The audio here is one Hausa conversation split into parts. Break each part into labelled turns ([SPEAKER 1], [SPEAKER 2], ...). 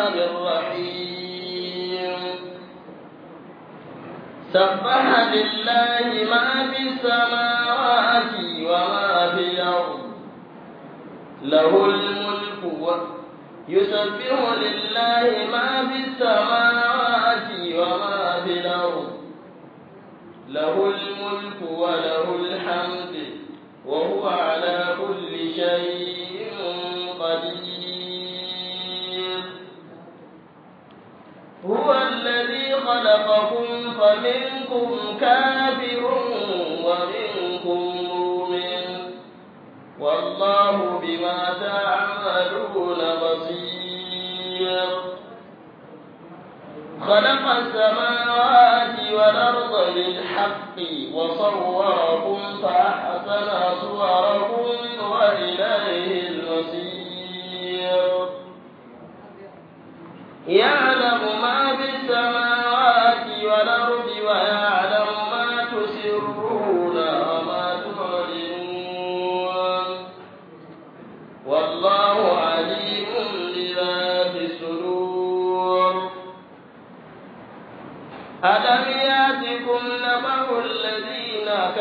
[SPEAKER 1] الرحمن
[SPEAKER 2] الرحيم سبح لله ما في السماوات وما في الأرض له الملك يسبح لله ما في السماوات وما في الأرض له الملك وله خلقكم فمنكم كافر ومنكم مؤمن والله بما تعملون بصير خلق السماوات والأرض بالحق وصوركم فأحسن صوركم وإليه المصير
[SPEAKER 1] يعلم ما
[SPEAKER 2] في السماوات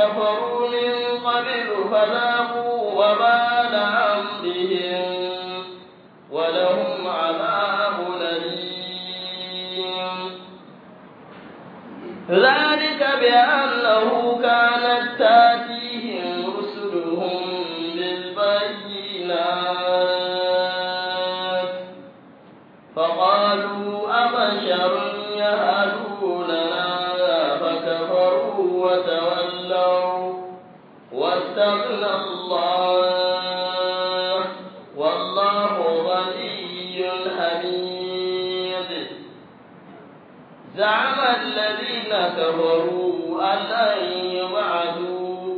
[SPEAKER 2] كفروا من قبل فذاقوا وبال أمرهم ولهم عذاب أليم ذلك بأن زعم الذين كفروا أن لن يبعثوا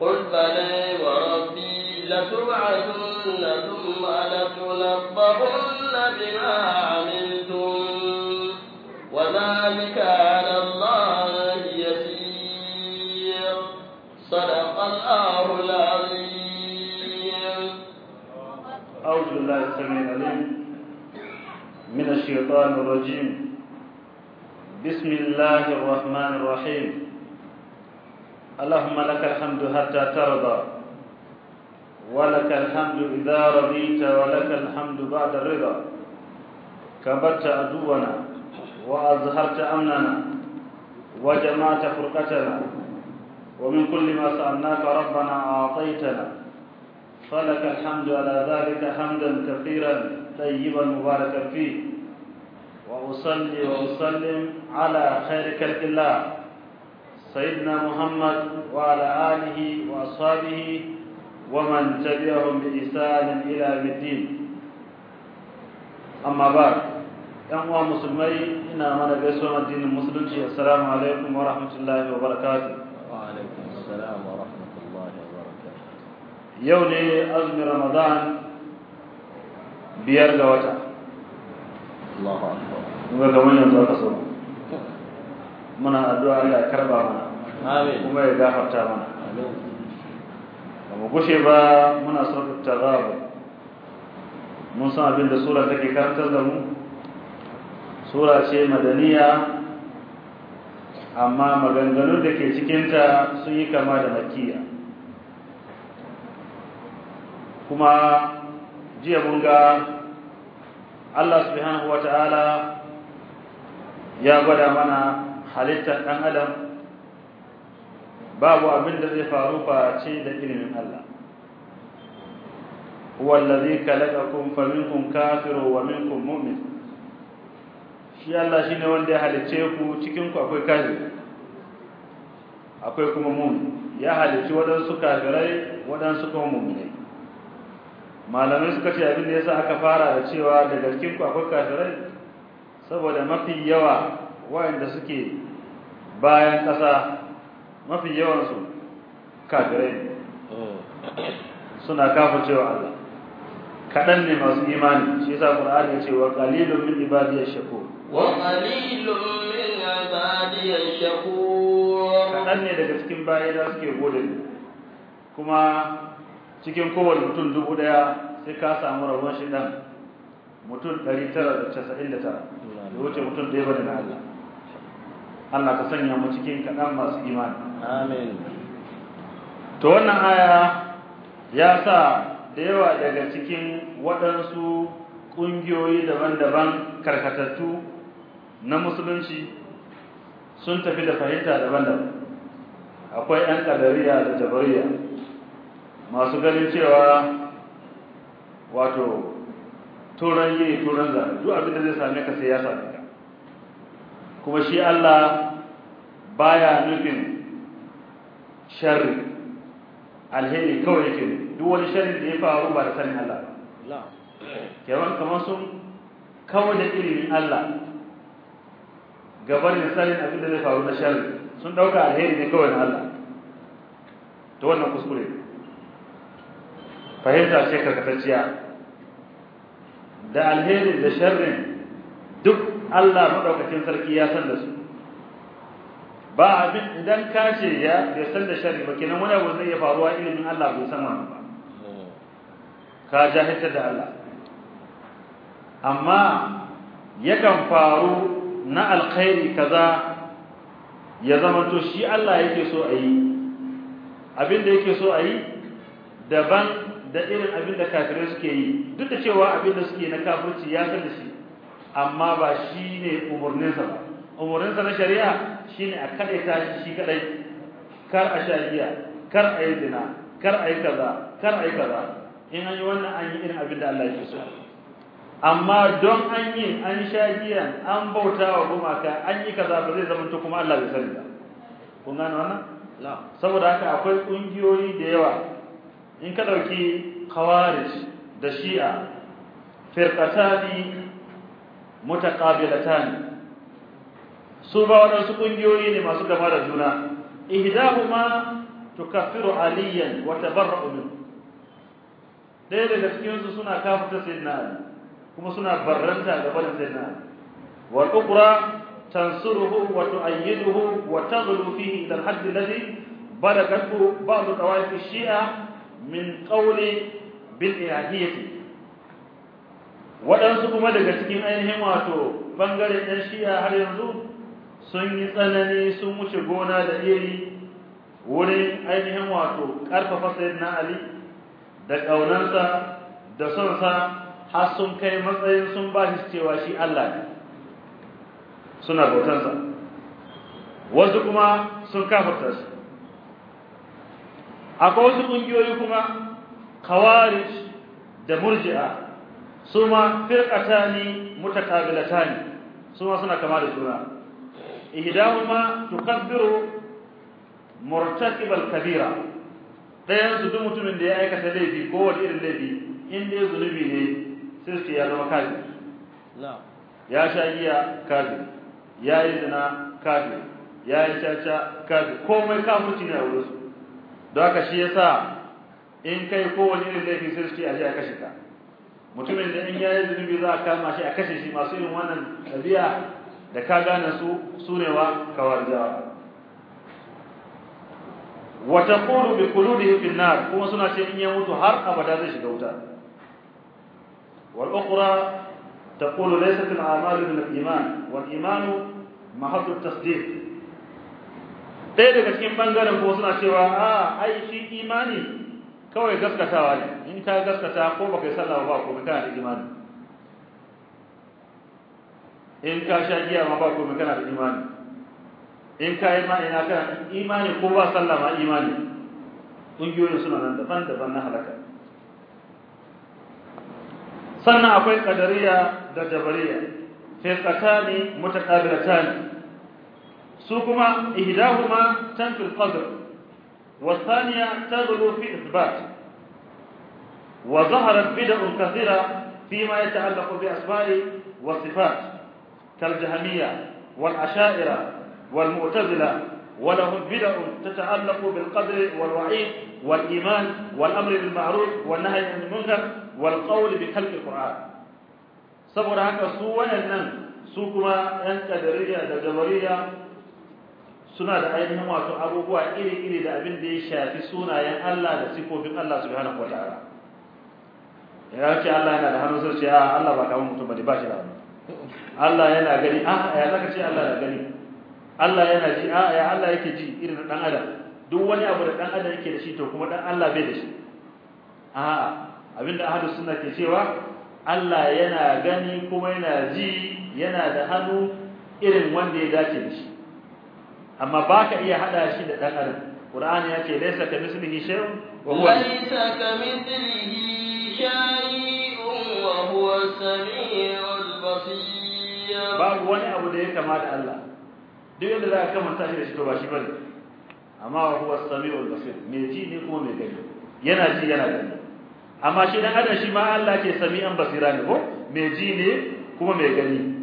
[SPEAKER 2] قل بلى وربي لتبعثن ثم لتنبؤن بما عملتم وذلك على الله يسير صدق الله العظيم
[SPEAKER 1] أعوذ بالله السميع العليم من الشيطان الرجيم بسم الله الرحمن الرحيم اللهم لك الحمد حتى ترضى ولك الحمد إذا رضيت ولك الحمد بعد الرضا كبرت عدونا وأظهرت أمننا وجمعت فرقتنا ومن كل ما سألناك ربنا أعطيتنا فلك الحمد على ذلك حمدا كثيرا طيبا مباركا فيه وأصلي وأسلم على خير خلق الله سيدنا محمد وعلى آله وأصحابه ومن تبعهم بإحسان إلى يوم الدين أما بعد ‘yan uwa musulmai ina mana gaisuwar addinin musulunci assalamu yau ne azumin ramadan biyar ga wata Allahu
[SPEAKER 2] akbar kuma yanzu aka so
[SPEAKER 1] muna addu'a Allah ya karba mana amin kuma ya gafarta mana amin mu gushe ba muna son tarabu mun san abin da sura take karantar da mu sura ce madaniya amma maganganun da ke cikinta sun yi kama da makiya kuma jiya mun ga Allah subhanahu wataala ya gwada mana halittar ɗan adam babu abin da zai faru face da ilimin Allah huwa allazi khalaqakum faminkum kafiru wa minkum mu'min shi Allah shine wanda ya halice ku cikin ku akwai kafiri akwai kuma mu'min ya halice wadansu kafirai wadansu kuma mu'minai malamai suka ce abin da yasa aka fara da cewa daga cikin ku akwai kafirai saboda mafi yawa wa'anda suke bayan ƙasa, mafi yawan su kafirai suna cewa Allah kadan ne masu imani shi yasa Qur'ani ya ce wa qalilun min ibadiyash shakur wa
[SPEAKER 2] qalilun min ibadiyash
[SPEAKER 1] shakur kadan ne daga cikin bayan da suke gode kuma cikin kowane mutum dubu daya sai ka samu rabon shi dan mutum 999 da wuce mutum ɗaya bane na Allah Allah ka sanya mu cikin kaɗan masu imani
[SPEAKER 2] amin to wannan
[SPEAKER 1] aya ya sa da yawa daga cikin waɗansu ƙungiyoyi daban-daban karkatattu na musulunci sun tafi da fahimta daban-daban akwai 'yan ƙadariya da jabariya masu ganin cewa wato turan yi turan zane duk abin da zai same ka sai ya same ka kuma shi Allah baya nufin sharri alheri kawai yake duk wani sharri da ya faru ba da sanin Allah ba kewan kamar sun kawo da ilimin Allah da sanin abin da zai faru na sharri sun dauka alheri ne kawai na Allah to wannan kuskure fahimta ce karkatacciya da alheri da sharrin duk Allah madaukakin sarki ya san da su ba abin idan ka ce ya bai san da sharri ba kenan wani abu zai faruwa ilimin Allah bai san wannan ba ka jahilta da Allah amma yakan faru na alkhairi kaza ya zama to shi Allah yake so a yi abin da yake so a yi daban da irin abin da kafirai suke yi duk da cewa abin da suke na kafirci ya san da shi amma ba shi ne umurninsa ba umurninsa na shari'a shi ne a kaɗai ta shi kaɗai kar a sha kar a yi zina kar a yi kaza kar a yi kaza in an yi wannan an yi irin abin da Allah ya so amma don an yi an sha an bauta wa gumaka an yi kaza ba zai zama to kuma Allah bai sani ba kun gane wannan saboda haka akwai kungiyoyi da yawa in ka dauki khawarij da shi'a firqatani mutaqabilatan su ba su kungiyoyi ne masu gaba da juna ihdahuma tukaffiru aliyan wa tabarra'u min dai daga cikin su suna kafuta sayyidina kuma suna barranta gaba da sayyidina wa ukhra tansuruhu wa tu'ayyiduhu wa taghlu fihi ila al-hadd alladhi balagathu ba'd tawafi shia min qawli bil ilahiyyati waɗansu kuma daga cikin ainihin wato bangaren ɗan shiya har yanzu sun yi tsanani sun wuce gona da iri wurin ainihin wato ƙarfafa sayyidina ali da ƙaunarsa da sonsa har sun kai matsayin sun ba shi cewa shi Allah ne suna bautansa wasu kuma sun kafarta shi akwai wasu kungiyoyi kuma khawarij da murji'a su ma firqatani mutakabilatani su ma suna kama da juna ihdahuma tukabbiru murtakibal kabira dayan su duk mutumin da ya aikata laifi ko wani irin laifi in dai zunubi ne sai su ya zama kafi ya sha giya kafi ya yi zina kafi ya yi caca kafi komai kafirci ne a wurinsu haka shi ya sa in kai kowane irin laifi sai su ce a kashe ka mutumin da in yi zunubi za a kama shi a kashe shi masu yin wannan tabiya da ka gane su sunewa kawarjawa Wata kuru bi da fi na kuma suna ce in ya mutu har abada zai shiga wuta wal ukhra taqulu laysat al a'malu bil iman wal ɗaya daga cikin bangaren ko suna cewa a ai shi imani kawai gaskatawa ne in ka gaskata ko baka yi sallah ba ko kana da imani in ka sha giya ma ba ko kana da imani in ka yi ina kana imani ko ba sallah ma imani ƙungiyoyin suna nan daban-daban na halaka sannan akwai ƙadariya da jabariya ne mutakabirata ne سوكما إهداهما تنفي القدر والثانية تغلو في إثبات وظهرت بدع كثيرة فيما يتعلق بأسماء وصفات كالجهمية والعشائرة والمعتزلة ولهم بدع تتعلق بالقدر والوعيد والإيمان والأمر بالمعروف والنهي عن المنكر والقول بخلق القرآن صبر هكا su ان su ان yan suna da ainihin wato abubuwa iri-iri da abin da ya shafi sunayen Allah da sifofin Allah subhanahu wataala ya ce Allah yana da hannun sai ce a ah, Allah ba kamar mutum bane ba shi da hannu Allah yana gani a ah, ya zaka ce Allah da gani Allah yana ji a ah, ya Allah yake ji irin dan adam duk wani abu da dan adam yake da shi to kuma dan Allah bai da shi a abinda Ahadu sunna ke cewa Allah yana gani kuma yana ji yana da hannu irin wanda ya dace da shi amma ba ka iya hada shi da dan adam qur'ani ya ce laysa ka mislihi shay'un wa huwa laysa
[SPEAKER 2] ka mislihi shay'un wa huwa samiul basir babu wani
[SPEAKER 1] abu da ya kama da Allah duk yadda za ka kamanta shi da shi to ba shi bane amma wa huwa samiul basir me ji ne kuma me gani yana ji yana gani amma shi dan adam shi ma Allah ke sami'an basira ne ko me ji ne kuma me
[SPEAKER 2] gani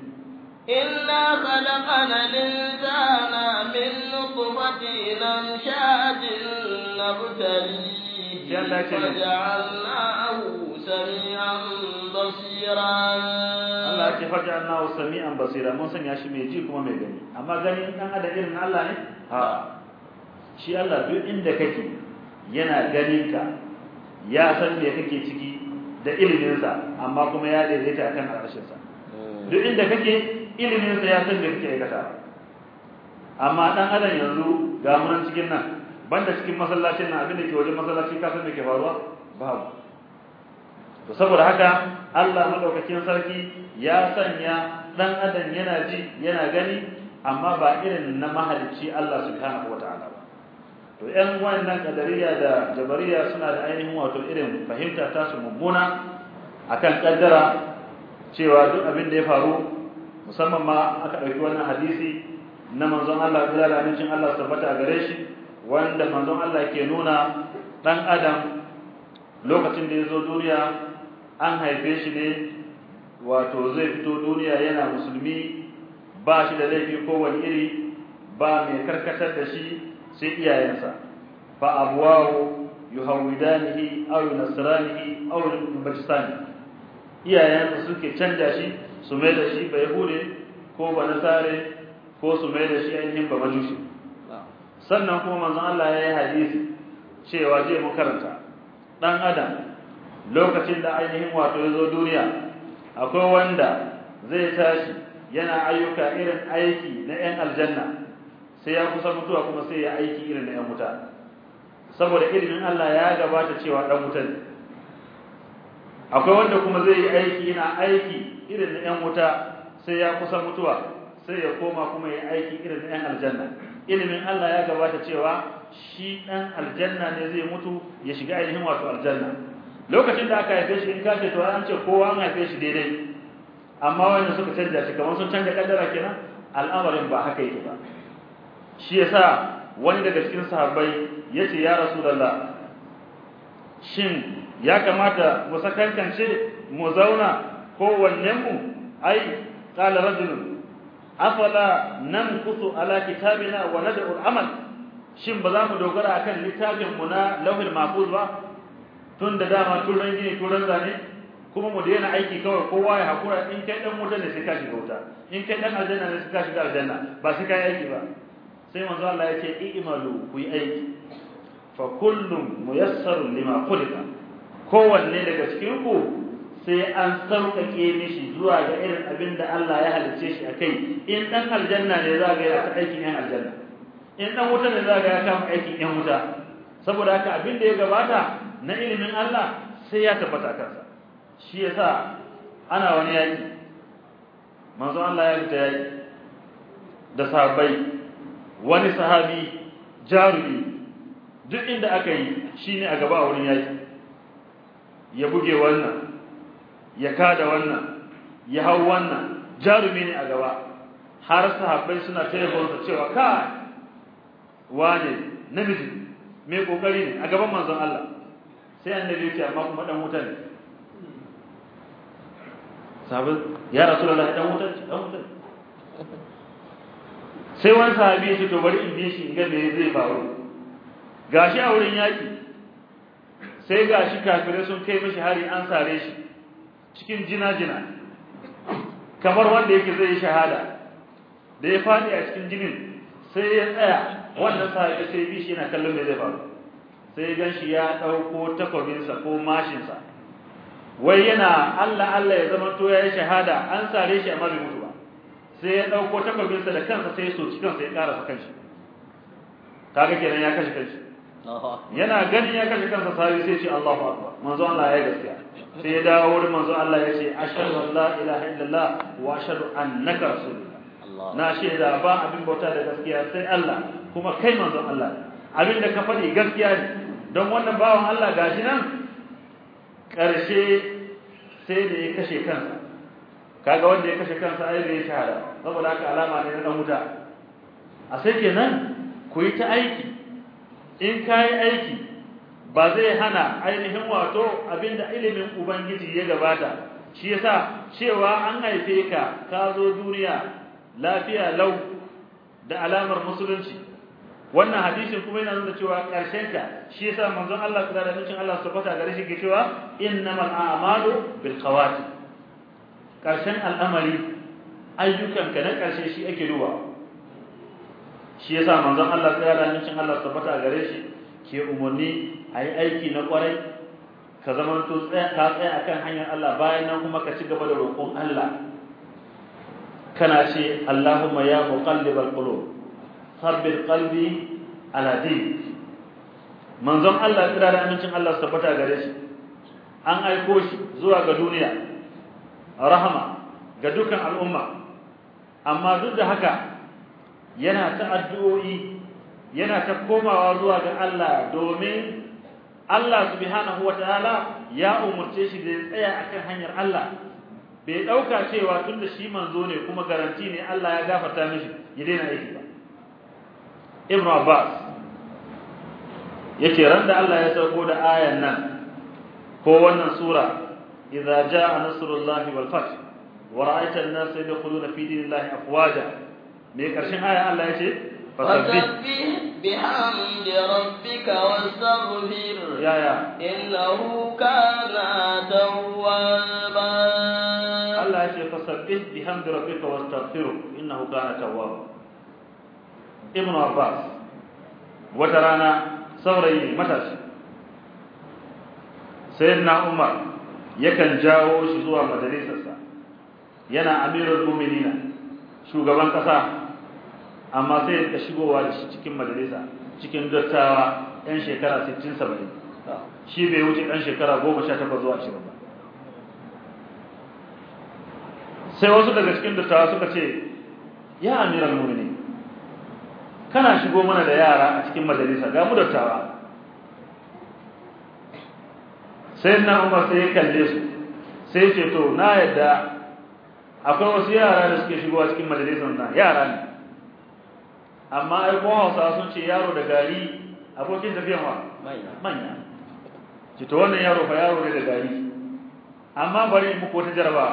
[SPEAKER 2] إنا خلقنا الإنسان من نطفة أمشاج نبتليه فجعلناه سميعا بصيرا Allah ce faja
[SPEAKER 1] annahu sami'an basira mun sanya shi mai ji kuma mai gani amma ganin dan adam irin Allah ne ha shi Allah duk inda kake yana ganin ka ya san me kake ciki da ilimin sa amma kuma ya daidaita akan arshin sa duk inda kake ilimin ya san da kike aikata amma dan adam yanzu ga munan cikin nan banda cikin masallacin nan abin da ke wajen masallaci ka san da ke faruwa babu to saboda haka Allah madaukakin sarki ya sanya dan adam yana ji yana gani amma ba irin na mahalicci Allah subhanahu wataala ba to ƴan wannan kadariya da jabariya suna da ainihin wato irin fahimta ta su mummuna akan kaddara cewa duk abin da ya faru musamman ma aka ɗauki wannan hadisi na manzon Allah kula da amincin Allah tabbata gare shi wanda manzon Allah ke nuna ɗan adam lokacin da ya zo duniya an haife shi ne wato zai fito duniya yana musulmi ba shi da laifi wani iri ba mai karkatar da shi sai iyayensa fa abuwawo yuhawidanihi aw yunasranihi aw yubajisani iyayensa suke canja shi su mai da shi ba hule ko ba nasare ko su mai da shi ainihin ba majushi sannan kuma manzon Allah ya yi hadisi cewa "Je mu karanta dan adam lokacin da ainihin wato ya zo duniya akwai wanda zai tashi yana ayyuka irin aiki na 'yan aljanna sai ya kusa mutuwa kuma sai ya aiki irin na 'yan wuta saboda ilimin Allah ya gabata cewa dan mutane akwai wanda kuma zai yi aiki yana aiki irin na ɗan wuta sai ya kusa mutuwa sai ya koma kuma ya aiki irin na ɗan aljanna ilimin Allah ya gabata cewa shi ɗan aljanna ne zai mutu ya shiga ainihin wato aljanna lokacin da aka haife shi in ka to an ce kowa an haife shi daidai amma wanda suka canja shi kamar sun canja kaddara kenan al'amarin ba haka yake ba shi yasa wani daga cikin sahabbai yace ya rasulullah shin ya kamata mu sakankance mu zauna kowannen mu ai qala rajul afala namqutu ala kitabina wa nad'u al-amal shin ba za mu dogara akan littafin mu na lauhil mahfuz ba tun da dama ne gini ranza ne, kuma mu daina aiki kawai kowa ya hakura in kai dan mutan ne sai ka shiga wuta in kai dan aljanna ne sai ka shiga aljanna ba sai kai aiki ba sai manzo Allah ya ce i'malu ku yi aiki fa kullum muyassarun lima khuliqa kowanne daga cikin ku sai an sauƙaƙe mishi zuwa ga irin abin da Allah ya halicce shi akai in dan aljanna ne za ga ya ta aikin yan aljanna in dan wuta ne za ga ya kama aikin yan wuta saboda haka abin da ya gabata na ilimin Allah sai ya tabbata kansa shi yasa ana wani yaki manzo Allah ya fita yaki da sahabbai wani sahabi jarumi duk inda aka yi shine a gaba a wurin yaki ya buge wannan ya kada wannan ya hau wannan jarumi ne a gaba har sahabbai suna tayyabonsa cewa kai wane namiji mai kokari ne a gaban manzon Allah sai annabi ya amma kuma dan wuta ne sabu ya rasulullahi dan wuta dan wuta sai wani sahabi ya ce to bari in bi shi in ga me zai faru gashi a wurin yaki sai ga shi kafirai sun kai mishi hari an sare shi cikin jina-jina kamar wanda yake zai yi shahada da ya fadi a cikin jinin sai ya tsaya wannan sahabi sai bi shi yana kallon da zai faru sai gan shi ya dauko takobinsa ko mashinsa wai yana Allah Allah ya zama to yi shahada an sare shi amma bai mutu ba sai ya dauko takobinsa da kansa sai ya soci kansa ya karasa kanshi kaga kenan ya kashe kanshi yana ganin ya kashe kansa sai sai ce Allahu akbar manzo Allah ya gaskiya sai ya dawo wurin manzo Allah ya ce ashhadu an la ilaha illallah wa ashhadu annaka rasulullah na shaida ba abin bauta da gaskiya sai Allah kuma kai manzo Allah abin da ka faɗi gaskiya ne don wannan bawan Allah gashi nan karshe sai da ya kashe kansa kaga wanda ya kashe kansa ai bai shahada saboda haka alama ne na dan wuta a sai kenan ku yi ta aiki in kai aiki ba zai hana ainihin wato abinda ilimin ubangiji ya gabata shi yasa cewa an haife ka ka zo duniya lafiya lau da alamar musulunci
[SPEAKER 2] wannan hadisin
[SPEAKER 1] kuma yana nuna cewa karshen ta shi yasa manzon Allah ta da nufin Allah subhanahu gare shi ke cewa innamal a'malu bil qawati karshen al'amari ayyukan ka na karshe shi ake duba shi yasa manzon Allah tsaya da hannun Allah tabbata gare shi ke umarni ayi aiki na kwarai ka zama to tsaya ka tsaya akan hanyar Allah bayan nan kuma ka ci gaba da roƙon Allah kana ce Allahumma ya muqallibal qulub sabbir qalbi ala din manzon Allah tsira da amincin Allah tabbata gare shi an aiko shi zuwa ga duniya rahama ga dukan al'umma amma duk da haka yana ta addu'o'i yana ta komawa zuwa ga Allah domin Allah subhanahu wataala ya umurce shi da ya tsaya akan hanyar Allah bai dauka cewa tunda shi manzo ne kuma garanti ne Allah ya gafarta mishi ya daina aiki ba Ibn Abbas yace randa Allah ya sauko da ayan nan ko wannan sura idza jaa nasrullahi wal fath wa ra'aita an-nasa yadkhuluna fi dinillahi afwaja me karshen aya Allah ya yace fasabbih
[SPEAKER 2] bihamdi rabbika wastaghfir ya ya innahu kana tawwaba
[SPEAKER 1] Allah yace fasabbih bihamdi rabbika wastaghfir innahu kana tawwaba Ibn Abbas wata rana saurayi matashi sayyidina Umar yakan jawo shi zuwa majalisarsa yana amirul mu'minina shugaban kasa amma sai ka shigowa da shi cikin majalisa cikin dattawa ɗan shekara 60 70 shi bai wuce ɗan shekara 18 zuwa 20 ba sai wasu daga cikin dattawa suka ce ya amiral mu'minin kana shigo mana da yara a cikin majalisa ga mu dattawa sai na Umar sai ya kalle su sai ce to na yadda akwai wasu yara da suke shigowa cikin majalisar na yara ne amma ai ko Hausa sun ce yaro da gari abokin tafiyan wa manya ki to wannan yaro fa yaro ne da gari amma bari muku wata jaraba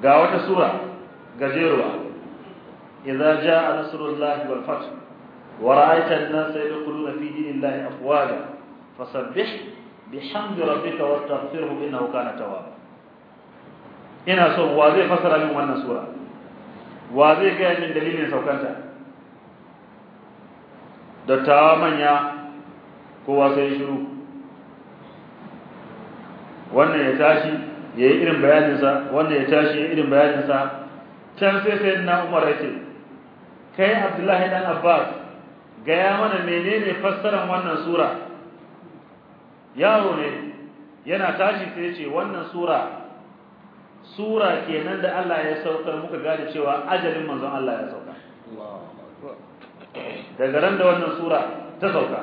[SPEAKER 1] ga wata sura gajeruwa idza jaa nasrullahi wal fath wa ra'aita an-nasa yaquluna fi dinillahi afwaja fasabbih bihamdi rabbika wastaghfirhu innahu kana tawwaba ina so wa zai fasara min wannan sura wa zai ga min dalilin saukanta dattawa manya kowa sai shiru wannan ya tashi yayi irin bayaninsa wannan ya tashi yayi irin bayaninsa can sai sai na Umar yace kai Abdullahi dan Abbas gaya mana menene fassarar wannan sura yaro ne yana tashi sai yace wannan sura sura kenan da Allah ya saukar muka gane cewa ajalin manzon Allah ya sauka daga ran da wannan sura ta sauka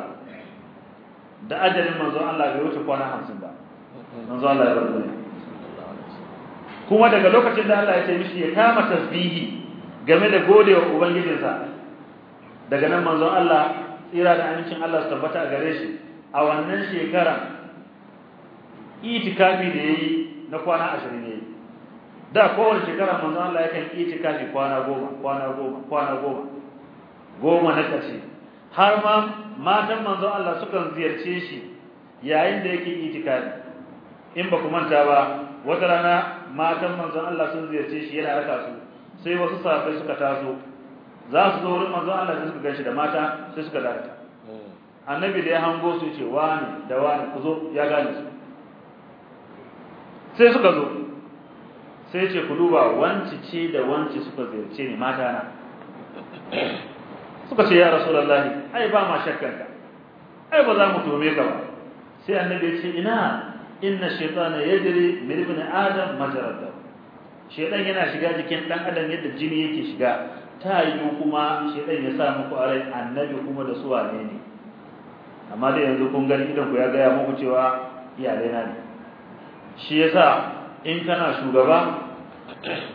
[SPEAKER 1] da ajalin manzon Allah bai wuce kwana 50 ba manzon Allah ya rubuta kuma daga lokacin da Allah ya ce mishi ya kama tasbihi game da godewa ubangijinsa daga nan manzon Allah tsira da amincin Allah su tabbata a gare shi a wannan shekara itikafi da yayi na kwana 20 ne da kowace shekara manzo Allah yakan itikafi kwana goma kwana goma kwana goma goma na kace har ma matan manzo Allah sukan ziyarce shi yayin da yake itikafi in ba ku manta ba wata rana matan manzo Allah sun ziyarce shi yana raka su sai wasu sahabbai suka taso za su zo wurin manzo Allah sai suka ganshi da mata sai suka dakata hmm. annabi da ya hango su ce wani da wani ku zo ya gane su sai suka zo sai ce ku duba wanci ce da wanci suka ziyarce ni mata na suka ce ya rasulullahi ai ba ma shakkar ka ai ba za mu tome ka ba sai annabi ya ce ina inna shaytana yajri min ibn adam majrad shaytan yana shiga jikin dan adam yadda jini yake shiga ta yi kuma shaytan ya sa muku arai annabi kuma da su wane ne amma da yanzu kun gani idan ku ya ga ya muku cewa iyalai na ne shi yasa in kana shugaba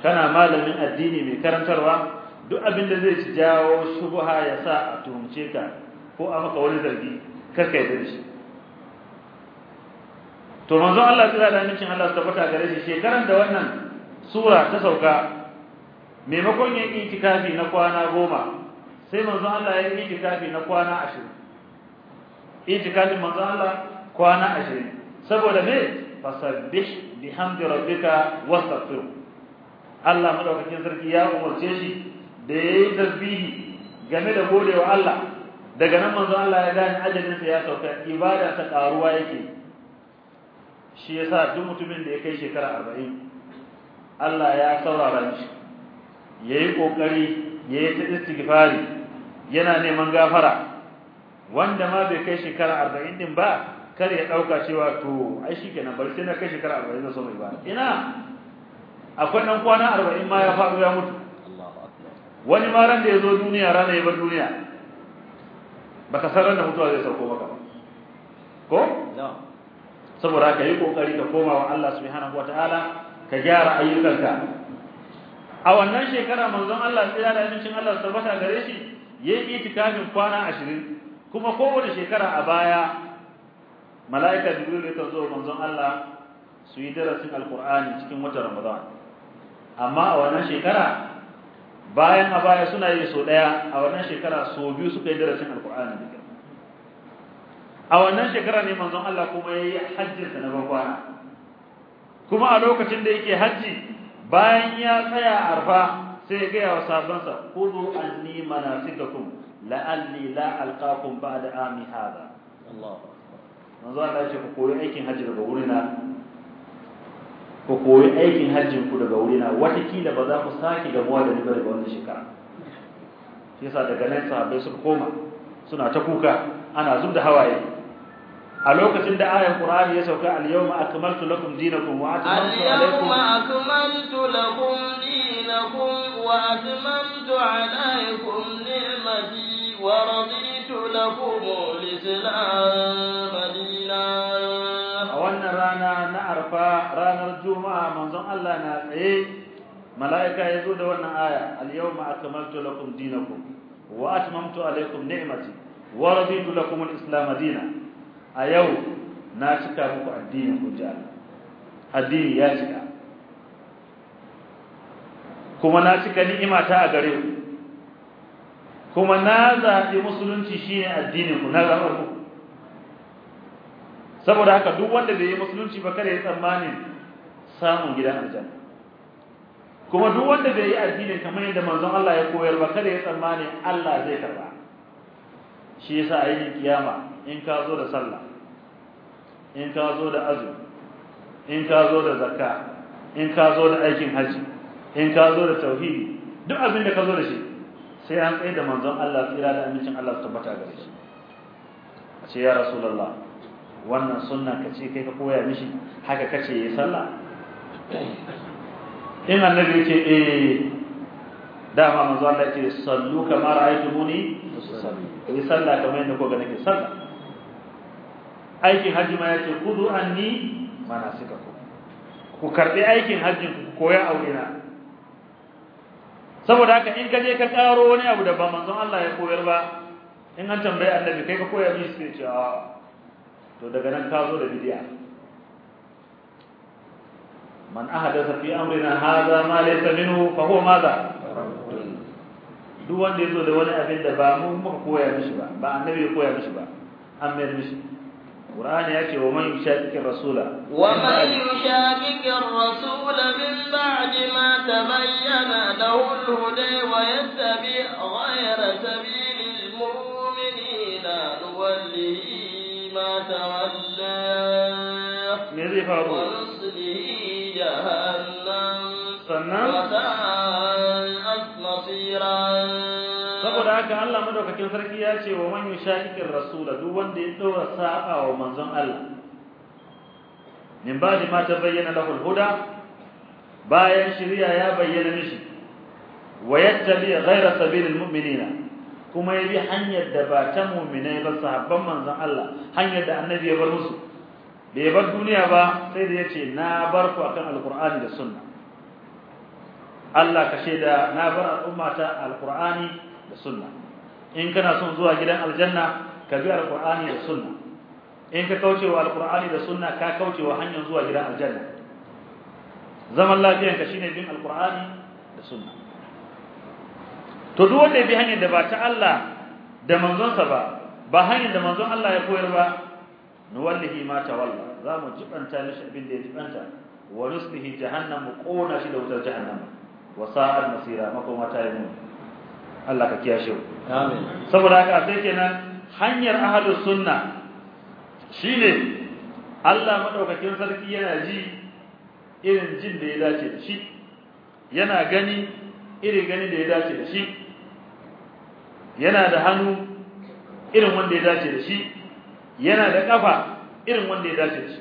[SPEAKER 1] kana malamin addini mai karantarwa duk abin da zai jawo shubha ya sa a tuhumce ka ko a maka wani zargi karka yi shi to manzo Allah ya da mikin Allah ya tabbata gare shi shekaran da wannan sura ta sauka maimakon yin itikafi na kwana goma sai manzo Allah ya yi itikafi na kwana 20 itikafi manzo Allah kwana 20 saboda me fasabbih bihamdi rabbika wastaghfirhu Allah madaukakin sarki ya umarce shi da yayi tasbihi game da godewa Allah daga nan manzo Allah ya gane ajalin sa ya sauka ibada ta karuwa yake shi yasa duk mutumin da ya kai shekara 40 Allah ya saurara shi yayi kokari yayi ta istighfari yana neman gafara wanda ma bai kai shekara 40 din ba kar ya dauka cewa to ai shikenan bari sai na kai shekara 40 na so mai ba ina akwai dan kwana 40 ma ya faru ya mutu wani ma ran da ya zo duniya rana ya bar duniya baka san ran da mutuwa zai sauko maka ko saboda ka yi kokari ka koma wa Allah subhanahu wataala ka gyara ayyukanka a wannan shekara manzon Allah tsira da amincin Allah tabbata gare shi yayi itikafin kwana 20 kuma kowace shekara a baya malaika jibril ya zo manzon Allah su yi darasin alqur'ani cikin watan ramadan amma a wannan shekara bayan a baya suna yi so daya a wannan shekara so biyu suka yi darasin alkur'ani da a wannan shekara ne manzon Allah kuma yayi hajjin sa na bakwana kuma a lokacin da yake hajji bayan ya tsaya arfa sai ya ga wa sahabbansa khudhu anni manasikakum la'alli la alqakum ba'da ami hada akbar manzon Allah ya ce ku koyi aikin hajji daga wurina ku koyi aikin hajjin ku daga wurina watakila ba za ku sake gamuwa da ni ba daga wannan shekara shi yasa daga nan sahabbai suka koma suna ta kuka ana zub da hawaye a lokacin da ayan Qur'ani ya sauka al-yawma akmaltu lakum dinakum wa atmamtu alaykum al-yawma
[SPEAKER 2] akmaltu lakum dinakum wa atmamtu alaykum ni'mati wa raditu lakum al-islam
[SPEAKER 1] rana na arfa ranar juma'a manzon Allah na tsaye malaika ya zo da wannan aya al-yawma akmaltu lakum dinakum wa atmamtu alaykum ni'mati wa raditu lakum al-islam dinan a yau na cika muku addini ku ji addini ya cika kuma na cika ni'ima ta a gare ku kuma na zaɓi musulunci shine addinin ku na zaɓar ku saboda haka duk wanda bai yi musulunci ba kada ya tsammani samun gidan aljanna kuma duk wanda bai yi addini kamar yadda manzon Allah ya koyar ba kada ya tsammani Allah zai karba shi yasa a yin kiyama in ka zo da sallah in ka zo da azumi in ka zo da zakka in ka zo da aikin haji in ka zo da tauhidi duk abin da ka zo da shi sai an tsaye da manzon Allah tsira da amincin Allah su tabbata gare shi a ce ya rasulullah wannan sunna kace kai ka koya mishi haka kace yayi sallah in annabi yace eh dama manzo Allah yace sallu kama ra'aytumuni usalli yi sallah kamar yadda ko ga nake sallah aikin haji ma yace kudu anni manasikakum ku karbi aikin hajjin ku koya aurena saboda haka in kaje ka karo wani abu da ba manzon Allah ya koyar ba in an tambaye annabi kai ka koya mishi sai ce a to daga nan ka zo da bid'a man ahdatha fi amrina hadha ma laysa minhu fa huwa madha duk wanda zo da wani abin da ba mu muka koya mishi ba ba annabi ya koya mishi ba an mayar mishi qurani ya ce wa man yushaqiqir rasula wa man
[SPEAKER 2] yushaqiqir rasula min ba'di ma tabayyana lahu al-huda wa yattabi' ghayra sabili ثم تولاه ميري فارو ورصده جهنم sannan saboda haka Allah madaukakin
[SPEAKER 1] sarki ya ce wa man yushaqiqir rasula duk wanda ya dora sa'a wa manzon Allah min ba'di ma tabayyana lahu al-huda bayan shari'a ya bayyana mishi wa yattabi ghayra sabilil mu'minina kuma ya bi hanyar da ba ta mu'minai ba sahabban manzon Allah hanyar da annabi ya bar musu bai bar duniya ba sai da yace na bar ku akan alqur'ani da sunna Allah ka shaida na bar al'ummata alqur'ani da sunna in kana son zuwa gidan aljanna ka bi alqur'ani da sunna in ka kauce wa alqur'ani da sunna ka kauce wa hanyar zuwa gidan aljanna zaman lafiyanka shine bin alqur'ani da sunna to duk wanda bi hanyar da ba ta Allah da manzonsa ba ba hanyar da manzon Allah ya koyar ba Nu wallahi ma ta walla. za mu jibanta mishi abin da ya jibanta wa rusbihi jahannam qona shi da wutar jahannam wa sa'al masira makoma ta yi Allah ka kiyashe mu amin saboda haka sai kenan hanyar ahlus sunna shine Allah madaukakin sarki yana ji irin jin da ya dace da shi yana gani irin ganin da ya dace da shi yana da hannu irin wanda ya dace da shi yana da kafa irin wanda ya dace da shi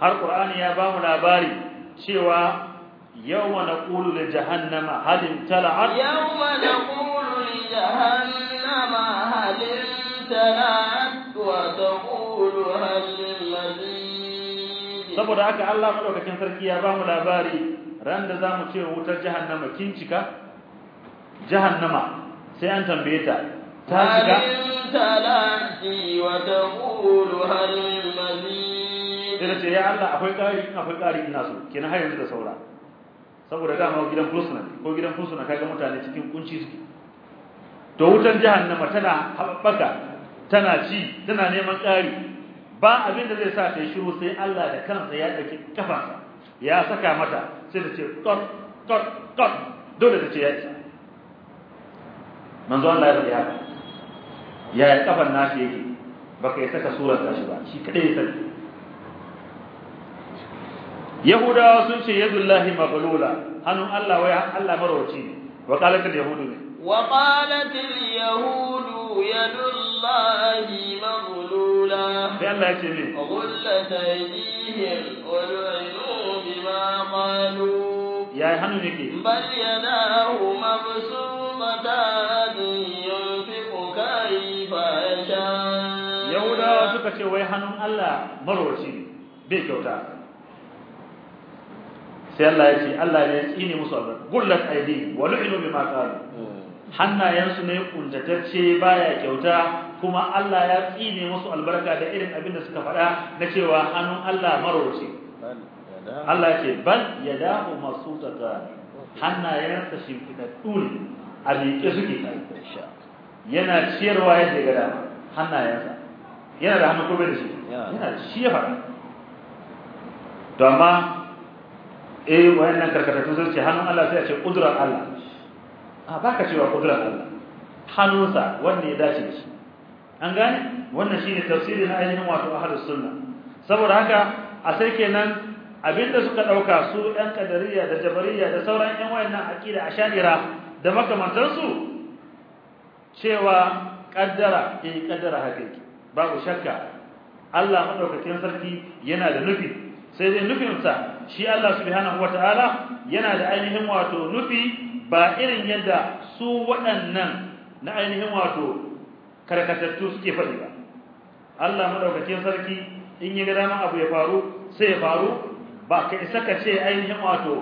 [SPEAKER 1] har qur'ani ya ba mu labari cewa yawma naqulu li jahannama hal tala'at yawma
[SPEAKER 2] naqulu li jahannama hal tala'at wa taqulu hal saboda haka
[SPEAKER 1] Allah madaukakin sarki ya ba mu labari ran da zamu ce wutar jahannama kin cika jahannama sai an tambaye ta ta cika talati wa taqulu
[SPEAKER 2] hal mazid sai ce
[SPEAKER 1] ya Allah akwai ƙari akwai ƙari ina so kina har yanzu da saura saboda dama gidan fursuna ko gidan fulsuna kaga mutane cikin kunci suke to wutar jahannama tana habbaka tana ci tana neman ƙari ba abin da zai sa ta shiru sai Allah da kansa ya dauki kafa ya saka mata sai da ce tot tot tot dole da ce ya isa manzo Allah ya faɗi haka ya yi kafan nashi yake baka yi saka surar tashi ba shi kadai sani yahudawa sun ce yadullahi mafalola hannun Allah wai Allah marauci ne wa qalat yahudu ne
[SPEAKER 2] wa qalat al yahudu yadullahi Allah ya ce ne ya yi
[SPEAKER 1] hannu
[SPEAKER 2] bal yahudawa
[SPEAKER 1] suka ce wai hannun Allah marwaci ne bai kyauta sai Allah ya ce Allah ne ya tsine musu albar gullat aidi wa lu'inu ma qalu hmm. hannayensu ne kuntatacce baya kyauta kuma Allah ya tsine musu albarka da irin abin da suka faɗa na cewa hannun Allah marauci Allah ce bal yadahu masutata hannayensa shimfidaddu ne a miƙe suke yana ciyarwa yadda ya gada hannayensa yana da hannun kurbe da shi yana shi ya faɗa to amma eh wayannan karkatattun sun ce hannun Allah sai a ce ƙudurar Allah a baka cewa ƙudurar Allah hannunsa wanda ya dace da shi an gane wannan shine tafsirin ainihin wato ahlus sunna saboda haka a sai kenan abinda suka dauka su ɗan kadariya da jabariya da sauran ɗan wayannan aqida ash'ira da su cewa kaddara eh kaddara hakiki babu shakka Allah madaukakin sarki yana da nufi sai dai nufinsa shi Allah subhanahu wataala yana da ainihin wato nufi ba irin yadda su waɗannan na ainihin wato karkatattu suke faɗi ba Allah madaukakin sarki in ya yi dama abu ya faru sai ya faru ba ka isa ka ce ainihin wato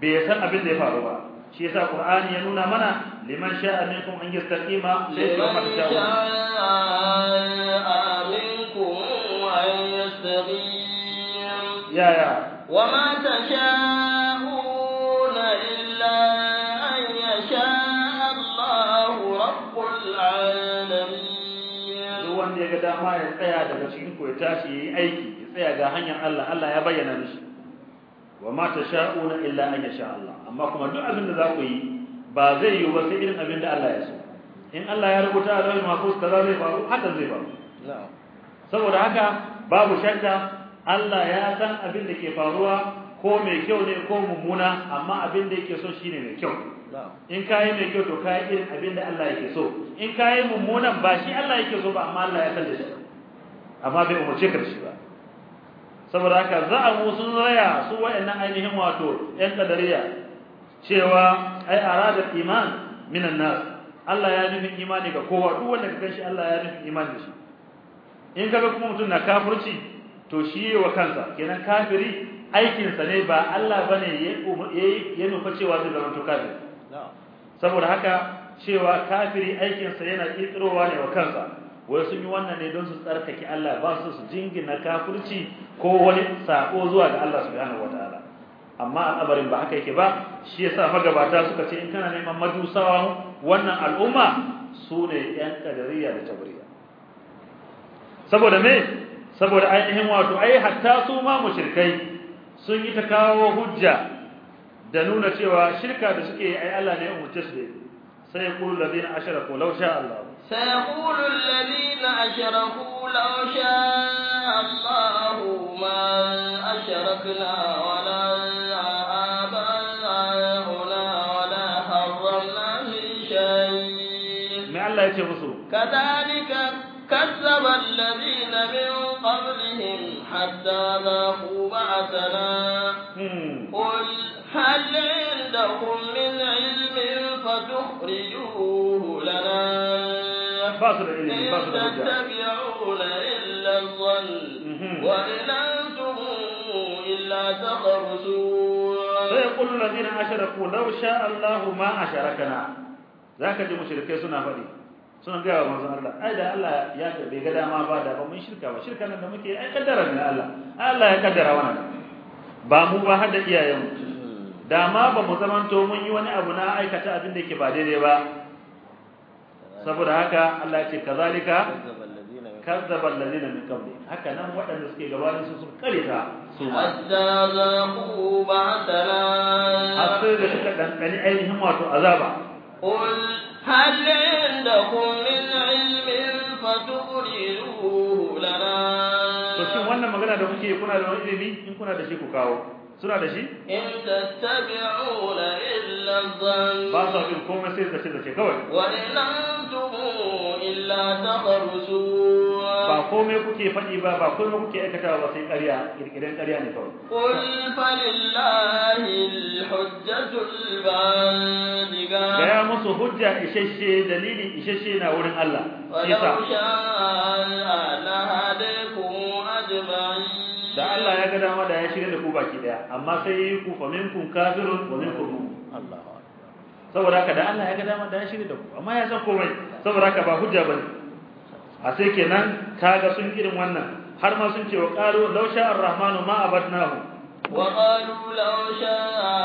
[SPEAKER 1] bai san abin da ya faru ba shi yasa Qur'ani ya nuna mana liman sha'a minkum an yastaqima sai ya fata
[SPEAKER 2] ya ya ma
[SPEAKER 1] wanda ya ga dama ya tsaya daga cikin ku ya tashi yayi aiki ya tsaya ga hanyar Allah Allah ya bayyana mishi wa ma tasha'una illa an yasha Allah amma kuma duk abin da za ku yi ba zai yi ba sai irin abin da Allah ya so in Allah ya rubuta a lauyin mahfuz kaza zai faru haka zai faru saboda haka babu shakka Allah ya san abin da ke faruwa ko mai kyau ne ko mummuna amma abin da yake so shine mai kyau in kayi mai kyau to kayi irin abin da Allah yake so in kayi mummunan ba shi Allah yake so ba amma Allah ya kalle shi amma bai umarce ka shi ba saboda haka za a sun raya su wayannan ainihin wato yan kadariya cewa ai arada iman minan nas Allah ya nufin imani ga kowa duk wanda ka shi Allah ya nufin imani shi in kaga kuma mutum na kafirci to shi wa kansa kenan kafiri aikinsa sa ne ba Allah bane ya nufa cewa zai zama to kafiri saboda haka cewa kafiri aikinsa yana kirkirowa ne wa kansa wai sun yi wannan ne don su tsarkake Allah ba su su jingina kafirci ko wani sako zuwa ga Allah subhanahu wataala amma al'abarin ba haka yake ba shi yasa magabata suka ce in kana neman madusawa wannan al'umma su ne yan kadariya da tabriya saboda me saboda ainihin wato ai hatta su ma mushrikai sun yi ta kawo hujja da nuna cewa shirka da suke ai Allah ne ya umurce su sai ya kulu ladina asharaku law sha Allah
[SPEAKER 2] sai ya kulu ladina asharaku law sha Allah ma asharakna wala كذلك كذب الذين من قبلهم حتى ذاقوا بعثنا قل هل عندكم من علم فتخرجوه لنا إن تتبعون إلا الظن وإن أنتم إلا تخرسون فيقول الذين أشركوا
[SPEAKER 1] لو شاء الله ما أشركنا ذاك المشركين سنة فريق suna gaya wa manzon Allah ai da Allah ya ga bai ga dama ba da ba mun shirka ba shirka nan da muke ai kaddara ne Allah Allah ya kaddara wannan ba mu ba har da iyayen da ma ba mu zaman to mun yi wani abu na aikata abin da yake ba daidai ba saboda haka Allah ya ce kazalika kazzaba alladhina min qabli haka nan waɗanda suke gabanin su
[SPEAKER 2] sun karita su ma azabu ba'tala hasu da suka dan ainihin wato azaba هل عندكم من علم فتخرجوه لنا to shin wannan
[SPEAKER 1] magana da kuke kuna da wani ilimi in kuna da shi ku kawo suna da shi
[SPEAKER 2] in tattabi'una illa dhann ba sa
[SPEAKER 1] bin komai sai da shi da shi kawai wa in
[SPEAKER 2] antum ba
[SPEAKER 1] komai kuke faɗi ba ba komai kuke aikata ba sai ƙarya kirkiren ƙarya ne kawai
[SPEAKER 2] qul falillahi alhujjatul baliga. ya musu
[SPEAKER 1] hujja isheshe dalili isheshe na wurin Allah
[SPEAKER 2] Isa. da Allah ya ga dama da ya shirya
[SPEAKER 1] da ku baki daya amma sai ku fa minkum kafirun wa minkum Allah saboda haka da Allah ya ga dama da ya shirya da ku amma ya san komai saboda haka ba hujja bane a sai kenan kaga sun irin wannan har ma sun ce wa qalu law sha'a ar-rahmanu ma abadnahu wa
[SPEAKER 2] qalu law sha'a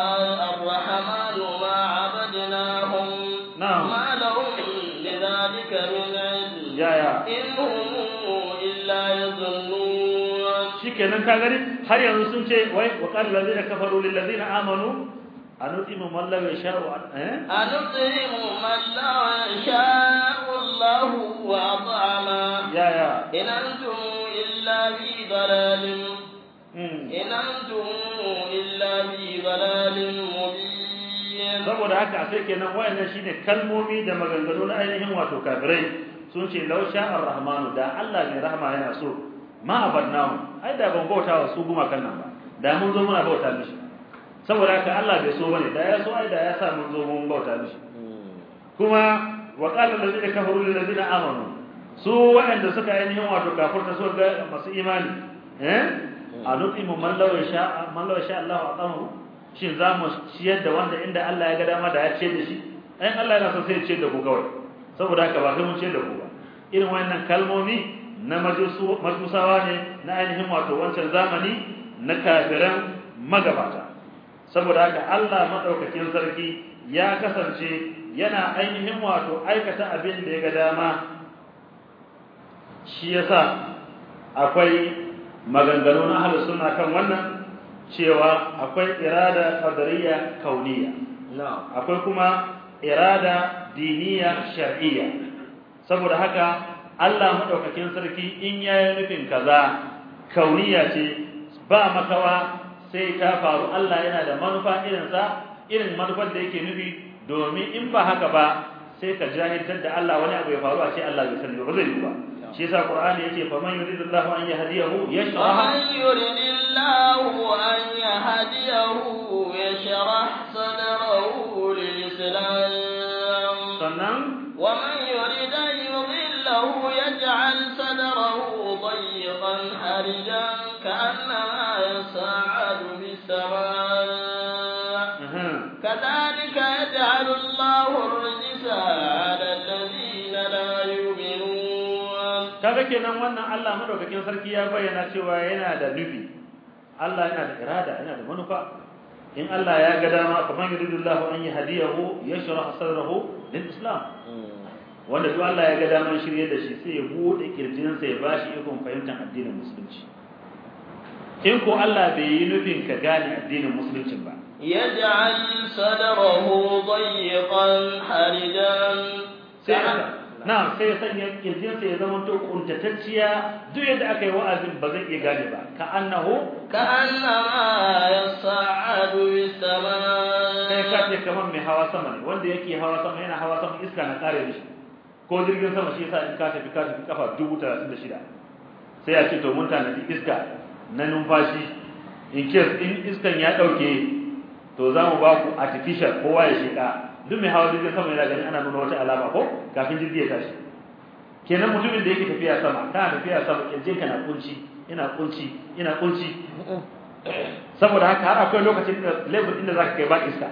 [SPEAKER 2] ar-rahmanu ma abadnahum ma lahum dhalika min ilm ya ya hum illa yadhunnun shikenan ka gari har yanzu sun
[SPEAKER 1] ce wai wa qalu allazina kafaru lil ladzina amanu أنطعم من لا يشاء أنطعم من لا يشاء الله وأطعما يا يا إن
[SPEAKER 2] أنتم إلا في ضلال إن أنتم إلا في ضلال مبين
[SPEAKER 1] saboda haka a sai kenan wayannan shine kalmomi da maganganu na ainihin wato kafirai sun ce law sha'a rahmanu da Allah mai rahama yana so ma abannahu ai da ban bauta wa su gumakan nan ba da mun zo muna bauta mishi saboda ka Allah bai so bane da ya so ai da ya sa mun zo mun bauta mishi kuma wa qala allazina kafaru lil ladina amanu su wanda suka ainihin wato kafirta su ga masu imani eh anuqimu mu law yasha man law yasha Allah aqamu shi za mu ciyar da wanda inda Allah ya ga dama da ya ce da shi ai eh, Allah yana so sai ya ce da ku kawai saboda haka ba sai mun ce da ku ba irin wannan kalmomi na majusawa ne na ainihin wato wancan zamani na kafiran magabata saboda haka Allah madaukakin sarki ya kasance yana ainihin wato aikata abin da ya ga dama shi yasa akwai maganganu na ahlus sunna kan wannan cewa akwai irada qadariyya kauniyya akwai kuma irada diniyya shar'iyya saboda haka Allah madaukakin sarki in yayin nufin kaza kauniyya ce ba makawa sai ta faru Allah yana da manufa irin irin manufar da yake nufi domin in ba haka ba sai ka jahiltar da Allah wani abu ya faru a ce Allah bai sani ba zai yi ba shi yasa Qur'ani yace fa man yuridillahu an yahdiyahu yashrah man
[SPEAKER 2] yuridillahu an yahdiyahu yashrah sadrahu lil islam sannan wa man السماء كذلك يجعل الله الرجس على الذين لا يؤمنون kaga
[SPEAKER 1] kenan wannan Allah madaukakin sarki ya bayyana cewa yana da nufi Allah yana da irada yana da manufa in Allah ya ga dama kaman yuridullahu an yahdiyahu yashrah sadrahu lil islam hmm. wanda duk Allah ya ga dama shirye da shi sai ya bude kirjinsa ya bashi ikon fahimtar addinin musulunci in ko Allah bai yi nufin ka gane addinin musulunci ba
[SPEAKER 2] yaj'al sadrahu dayyqan harijan na'am sai ya
[SPEAKER 1] sanya sai ya zama to kuntatacciya duk yadda aka yi wa'azin ba zai iya gane ba ka annahu ka annama yas'adu bis-sama sai ka ce kamar mai hawa sama ne wanda yake hawa sama yana hawa sama iska na kare shi ko jirgin sama shi yasa in ka tafi ka tafi kafa 36 sai ya ce to mun tanadi iska na numfashi in case in iskan ya dauke to za mu ba ku artificial kowa ya shiga duk mai hawa jirgin sama yana gani ana nuna wata alama ko kafin jirgi ya tashi kenan mutumin da yake tafiya sama ta tafiya sama jinka na kunci ina kunci ina kunci saboda haka har akwai lokacin da level din da zaka kai ba iska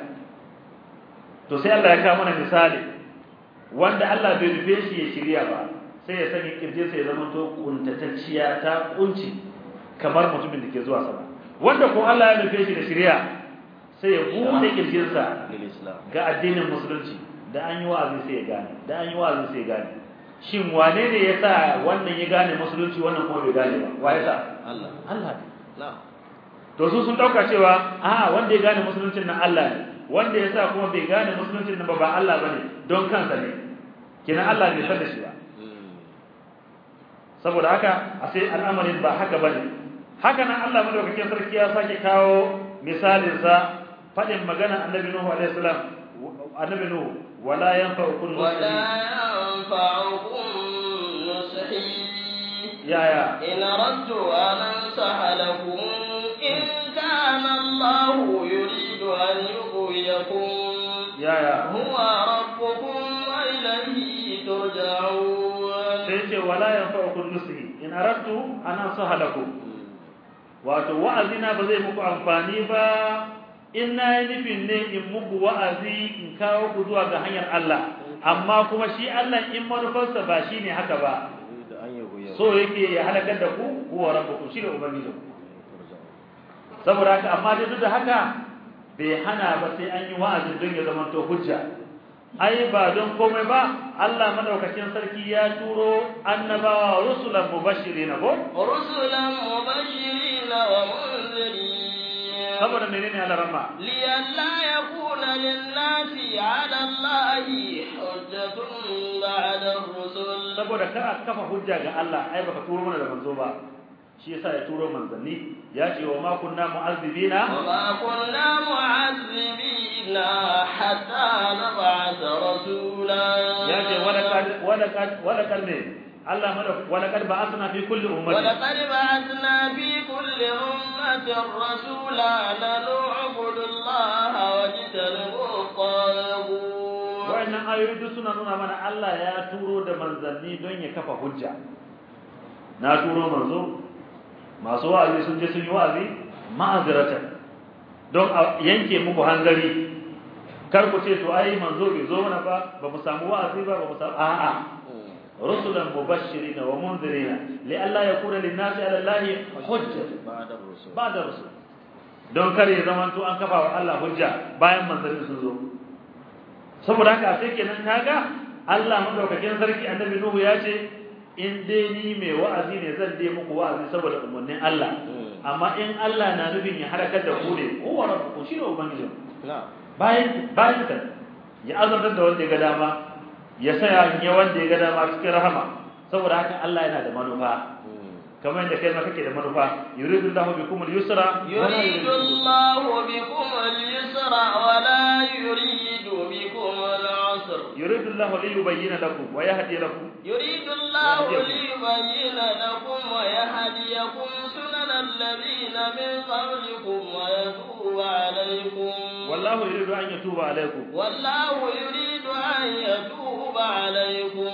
[SPEAKER 1] to sai Allah ya kawo mana misali wanda Allah bai rufe shi ya shirya ba sai ya sani kirje sai ya zama to kuntatacciya ta kunci kamar mutumin da ke zuwa sama wanda ko Allah ya nufe shi da shari'a sai ya bude kirjinsa ga addinin musulunci da an yi wa'azi sai ya gane da an yi wa'azi sai ya gane shin wane ne ya sa wannan ya gane musulunci wannan kuma bai gane ba wa sa Allah Allah to su sun dauka cewa a wanda ya gane musuluncin nan Allah ne wanda ya sa kuma bai gane musuluncin nan ba ba Allah bane don kansa ne kina Allah bai san da shi ba hmm. saboda haka a sai al'amarin ba haka bane haka nan Allah madaukakin sarki ya sake kawo misalin sa fadin magana annabi nuhu alaihi salam annabi nuhu wala yanfa'ukum wala
[SPEAKER 2] yanfa'ukum nusihi ya ya in raddu an sahalakum in kana Allah yuridu an yughwiyakum ya ya huwa rabbukum wa ilayhi turja'un
[SPEAKER 1] sai ce wala yanfa'ukum nusihi in raddu an sahalakum wato wa'azi na ba zai muku amfani ba in na yi nufin ne in muku wa'azi in kawo ku zuwa ga hanyar Allah amma kuma shi Allah in manufarsa ba shi ne haka ba so yake ya halakar da ku huwa rabbukum shi ne ku. saboda haka amma duk da haka bai hana ba sai an yi wa'azi don ya zama to hujja ai ba don komai ba Allah madaukakin sarki ya turo annabawa rusulan mubashirin ko
[SPEAKER 2] rusulan mubashirin wa munzirin saboda menene Allah ramma li alla yakuna lin-nasi 'ala Allahi hujjatun ba'da ar-rusul
[SPEAKER 1] saboda ka kafa hujja ga Allah ai baka turo mana da manzo ba shi yasa ya turo manzanni ya ce wa ma kunna mu'azzibina wa ma kunna
[SPEAKER 2] mu'azzibina hatta nab'atha
[SPEAKER 1] rasula ya ce wala kad wala kad wala kad ne Allah mada wala kad ba'athna fi kulli ummati wala
[SPEAKER 2] kad ba'athna fi kulli ummati rasula la nu'budu Allah wa jitalabu
[SPEAKER 1] qawm wannan ayoyi suna nuna mana Allah ya turo da manzanni don ya kafa hujja na turo manzo masu wa'azi sun je sun yi wa'azi ma'aziratan don a yanke muku hanzari kar ku ce to ai manzo bai zo mana ba ba mu samu wa'azi ba ba mu samu a'a rusulan mubashirin wa mundirin li alla yakuna lin nasi 'ala Allahi hujja ba'da rusul ba'da rusul don ya zaman to an kafa wa Allah hujja bayan manzanni sun zo saboda haka sai kenan kaga Allah madaukakin sarki annabi Nuhu ya ce in dai ni mai wa'azi ne zan dai muku wa'azi saboda umarnin Allah hmm. amma in Allah na nufin ya harakar da ku ne ko wa rabbuku shi ne ubangiji bayan bayan ta ya azabtar da wanda ya ga dama ya saya ya wanda ya ga dama cikin rahama saboda haka Allah yana da manufa hmm. kamar yadda kai ma kake da manufa yuridu Allahu bikum al-yusra yuridu
[SPEAKER 2] Allahu bikum al-yusra wa la yurid يريد الله
[SPEAKER 1] ليبين لكم ويهدي
[SPEAKER 2] لكم يريد الله ليبين لكم ويهديكم سنن الذين من قبلكم ويتوب عليكم والله يريد أن يتوب عليكم والله يريد أن يتوب عليكم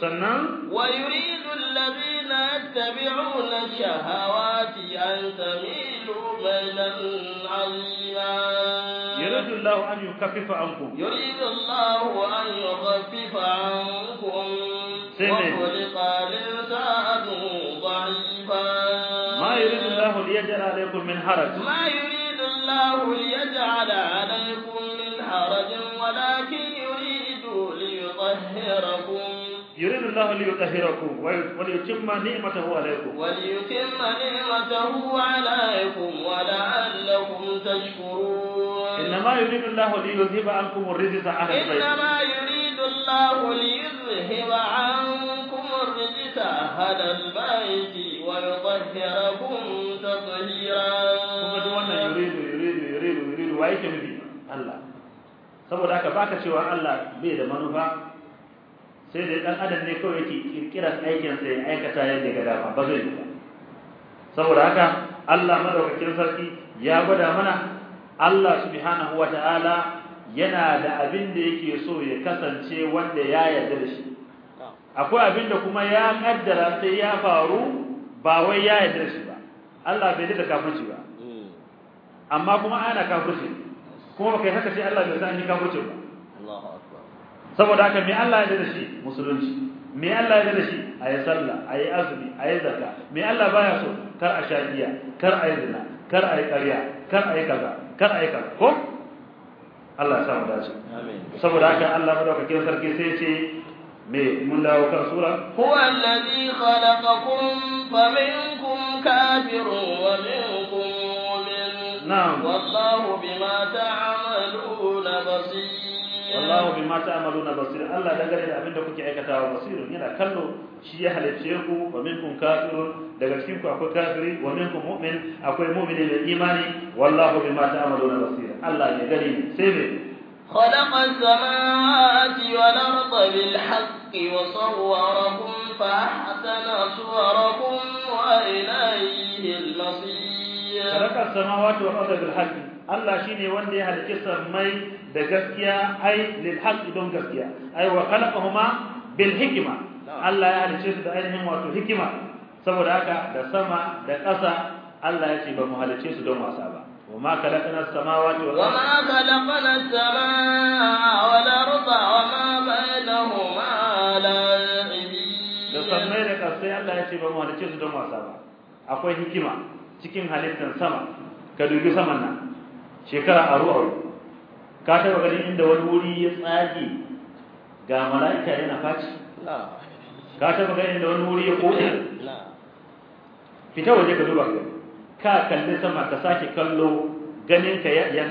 [SPEAKER 2] سنن ويريد الذين يتبعون الشهوات أن تميلوا ميلا عظيما
[SPEAKER 1] الله أن يخفف عنكم يريد
[SPEAKER 2] الله أن يخفف عنكم وخلق الإنسان ضعيفا ما يريد الله
[SPEAKER 1] ليجعل عليكم من حرج ما يريد
[SPEAKER 2] الله ليجعل عليكم من حرج ولكن يريد ليطهركم يريد الله
[SPEAKER 1] ليطهركم وليتم نعمته عليكم
[SPEAKER 2] وليتم نعمته عليكم ولعلكم تشكرون انما يريد الله
[SPEAKER 1] ليذهب عنكم الرجس اهل البيت انما
[SPEAKER 2] يريد الله ليذهب عنكم الرجس اهل البيت ويطهركم تطهيرا دون
[SPEAKER 1] يريد يريد يريد يريد وأيكم به الله saboda haka baka cewa Allah bai da manufa sai dai dan adam ne kawai yake kirkirar aikin sa ya aikata yadda ga dama ba zai ba saboda haka Allah madaukakin sarki ya gwada mana Allah subhanahu wataala yana da abin da yake so ya kasance wanda ya yarda da shi akwai abin da kuma ya kaddara sai ya faru ba wai ya yarda da shi ba Allah bai da kafirci ba amma kuma ana kafirci kuma kai haka sai Allah bai san ni kafirci ba Allahu akbar saboda haka me Allah ya yarda da shi musulunci me Allah ya yarda da shi ayi sallah ayi azumi ayi zakka me Allah baya so kar a shadiya kar ayi zina kar a yi ƙarya kar a yi kaza kar a yi kaza ko Allah ya sa mu dace saboda haka Allah madaukakin sarki sai ce me mun dawo kan sura
[SPEAKER 2] huwa allazi khalaqakum faminkum kafirun wa minkum mu'min na'am wallahu bima ta'malun wallahu
[SPEAKER 1] bima ta'maluna basir Allah dangane da da kuke aikatawa basirun yana kallo shi ya halice ku wa minkum kafirun daga cikin ku akwai kafiri wa minkum mu'min akwai mu'mini da imani wallahu bima ta'maluna basir Allah ya gani sai me
[SPEAKER 2] خلق السماوات والأرض بالحق وصوركم فأحسن صوركم وإليه المصير خلق
[SPEAKER 1] السماوات والأرض بالحق Allah shine wanda ya halice sammai da gaskiya ai lil haqqi don gaskiya ai wa khalaqahuma bil hikma Allah ya halice su da ainihin wato hikima saboda haka da sama da ƙasa Allah ya ce ba mu halice su don wasa ba وما خلقنا السماوات والأرض وما
[SPEAKER 2] خلقنا السماء والأرض وما بينهما لاعبين da sammai da
[SPEAKER 1] ƙasai Allah ya ce ba mu halice su don wasa ba akwai hikima cikin halittar sama ka dubi saman nan shekara aru aru ka taba ganin inda wani wuri ya tsage ga malaika yana faci ka taba ganin inda wani wuri ya kode fita waje ka duba ka kalli sama ka sake kallo ganin ka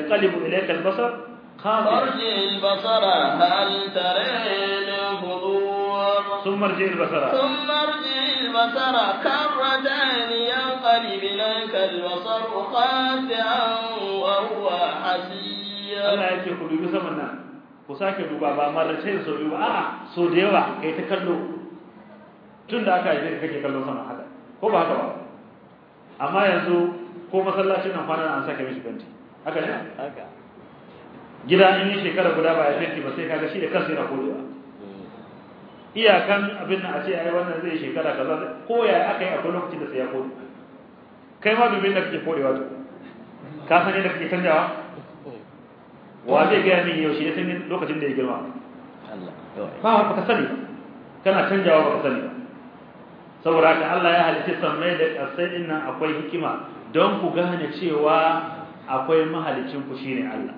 [SPEAKER 1] kalibu ilayka kalbasar qad arji
[SPEAKER 2] basara hal tare ne hudu ثم ارجع
[SPEAKER 1] البصر ثم
[SPEAKER 2] ارجع البصر كرتان ينقلب اليك البصر خاسعا وهو حسير الله يجي قلوب
[SPEAKER 1] زمنا ku sake duba ba marrace so duba a'a so da yawa kai ta kallo tun da aka yi kake kallo sama haka ko ba haka ba amma yanzu ko masallacin nan kwana an sake mishi banti haka ne gida in yi shekara guda ba ya fenti ba sai kaga shi da kansa yana kodewa iyakan abin da a ce ai wannan zai shekara kaza ko ya akai akwai lokacin da sai ya kodi kai ma dubin da kake kodewa to ka san yadda kake canjawa wa zai ga min yau shi ya san lokacin da ya girma
[SPEAKER 2] Allah
[SPEAKER 1] ba ka sani kana canjawa ba ka sani ba saboda haka Allah ya halitta sammai da kasai din nan akwai hikima don ku gane cewa akwai mahalicin ku shine Allah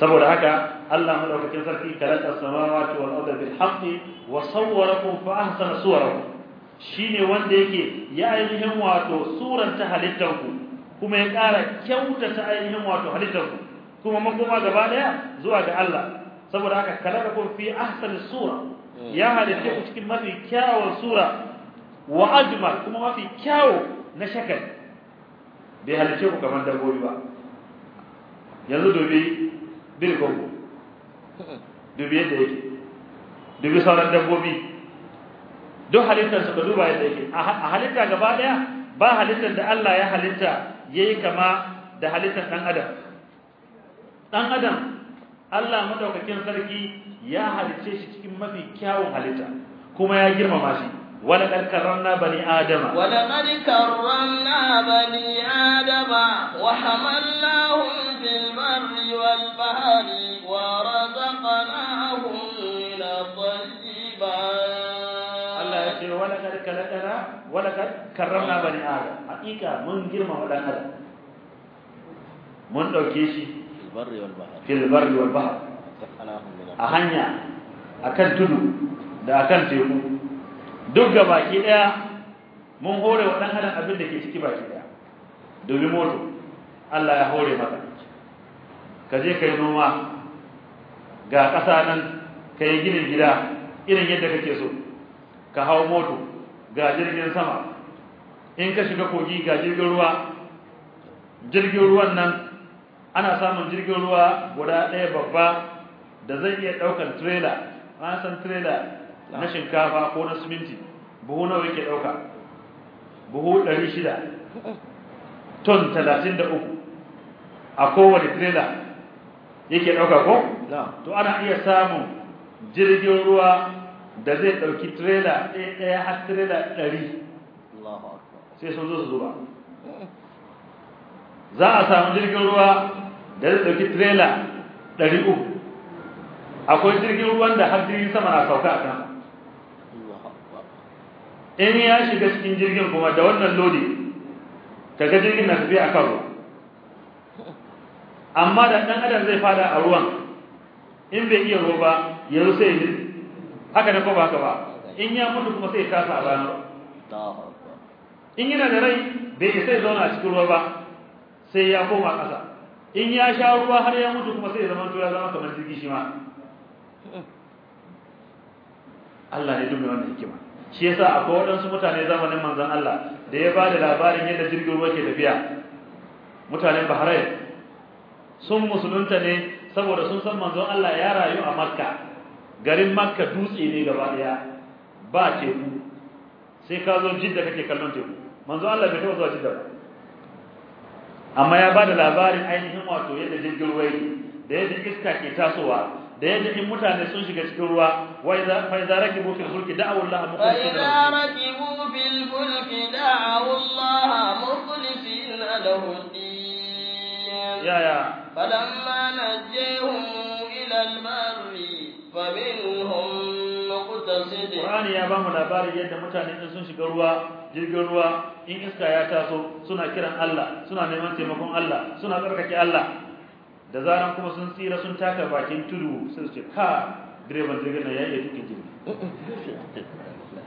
[SPEAKER 1] saboda haka Allah madaukakin sarki kalanta samawati wal ardi bil haqqi wa sawwarakum fa ahsana suwarakum shine wanda yake ya ainihin wato suranta halittanku kuma ya ƙara kyautata ainihin wato halittanku kuma makoma gaba daya zuwa ga Allah saboda haka kalakakum fi ahsani sura ya halitta ku cikin mafi kyawun sura wa ajmal kuma mafi kyawu na shakal bai halitta ku kamar dabbobi ba yanzu dobi bil gongo dubi yadda yake dubi sauran dabbobi duk halittar su ka duba yadda yake a halitta gaba daya ba halittar da Allah ya halitta yayi kama da halittar dan adam dan adam Allah madaukakin sarki ya halice shi cikin mafi kyawun halitta kuma ya girmama shi ولقد كرمنا بني آدم ولقد كرمنا بني آدم وحملناهم
[SPEAKER 2] في البر والبحر ورزقناهم من الطيبات الله
[SPEAKER 1] يقول ولقد كرمنا ولقد كرمنا بني آدم حقيقة من جرم ودن آدم من دوكي في البر والبحر في البر والبحر أهنيا أكن تدو da akan teku duk ga baki ɗaya mun hore wa dan adam abin da ke ciki baki ɗaya. Domin moto Allah ya hore maka ka je kai noma ga ƙasa nan kai ginin gida irin yadda kake so ka hau moto ga jirgin sama in ka shiga kogi ga jirgin ruwa jirgin ruwan nan ana samun jirgin ruwa guda ɗaya babba da zai iya ɗaukar trailer an san trailer na shinkafa ko na siminti buhu nawa yake dauka buhu 600 ton 33 a kowane trailer yake dauka ko to ana iya samun jirgin ruwa da zai dauki trailer ɗaya ɗaya har trailer 100 Allahu akbar sai sun zo su zuba za a samu jirgin ruwa da zai dauki trailer 300 akwai jirgin ruwan da har jirgin sama na sauka a kan in ya shiga cikin jirgin kuma da wannan lodi kaga jirgin na tafiya a ruwa amma da ɗan adam zai fada a ruwan in bai iya ruwa ba yanzu sai ya haka ne kwaba ba ba in ya mutu kuma sai tasa a ranar in yana da rai bai isai zauna a cikin ruwa ba sai ya koma ƙasa in ya sha ruwa har ya mutu kuma sai ya zama to ya zama kamar jirgi shi ma Allah ne dubbe wannan hikima shi yasa akwai waɗansu mutane zamanin manzon Allah da ya ba da labarin yadda jirgin ruwa ke tafiya mutanen Bahrain sun musulunta ne saboda sun san manzon Allah ya rayu a Makka garin Makka dutse ne gaba daya ba teku sai ka zo Jidda kake kallon teku manzon Allah bai taɓa zuwa Jidda ba amma ya ba da labarin ainihin wato yadda jirgin ruwa yake da yadda iska ke tasowa da yadda in mutane sun shiga cikin ruwa wa idza fa idza rakibu fil fulki da'u Allah mukhlisina idza
[SPEAKER 2] rakibu fil fulki da'u Allah mukhlisina lahu ad-din ya ya falamma najjahum ila al-barri faminhum muqtasid Qur'ani ya bamu
[SPEAKER 1] labarin yadda mutane sun shiga ruwa jirgin ruwa in iska ya taso suna kiran Allah suna neman taimakon Allah suna tsarkake Allah da zaran kuma sun tsira sun taka bakin tudu sun ce ka direban jirgin nan ya iya tukin jirgi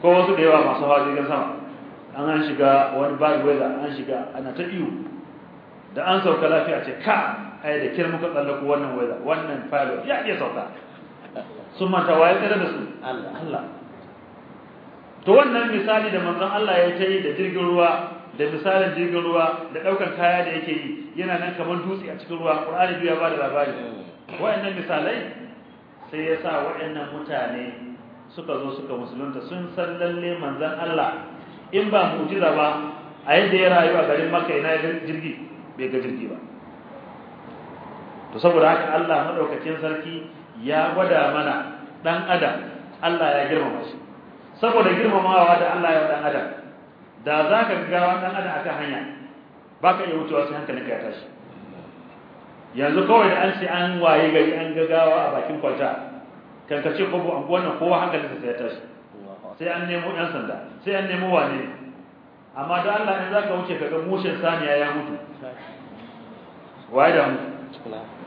[SPEAKER 1] ko wasu da yawa masu hawa jirgin sama an an shiga wani bad weather an shiga ana ta iyo da an sauka lafiya ce ka ai da kirmu ka tsallako wannan weather wannan pilot ya iya sauka sun manta waye tsere da su Allah to wannan misali da manzon Allah ya ta yi da jirgin ruwa da misalin jirgin ruwa da daukar kaya da yake yi yana nan kamar dutse a cikin ruwa Qur'ani duk ya bada labari wayannan misalai sai yasa wayannan mutane suka zo suka musulunta sun san lalle manzon Allah in ba mu'jiza ba a yadda ya rayu a garin Makka yana jirgi bai ga jirgi ba to saboda haka Allah madaukakin sarki ya gwada mana dan adam Allah ya girmama shi saboda girmamawa da Allah ya dan adam da zaka ga wannan adam akan hanya ba ka iya wucewa sai hankalinka ya tashi yanzu kawai da an ce an waye gari an gagawa a bakin kwalta kankace ko an wannan kowa hankalinsa sai ya tashi sai an nemo ɗan sanda sai an nemo wane amma da Allah ne za ka wuce ka ga mushin saniya ya mutu waye da mu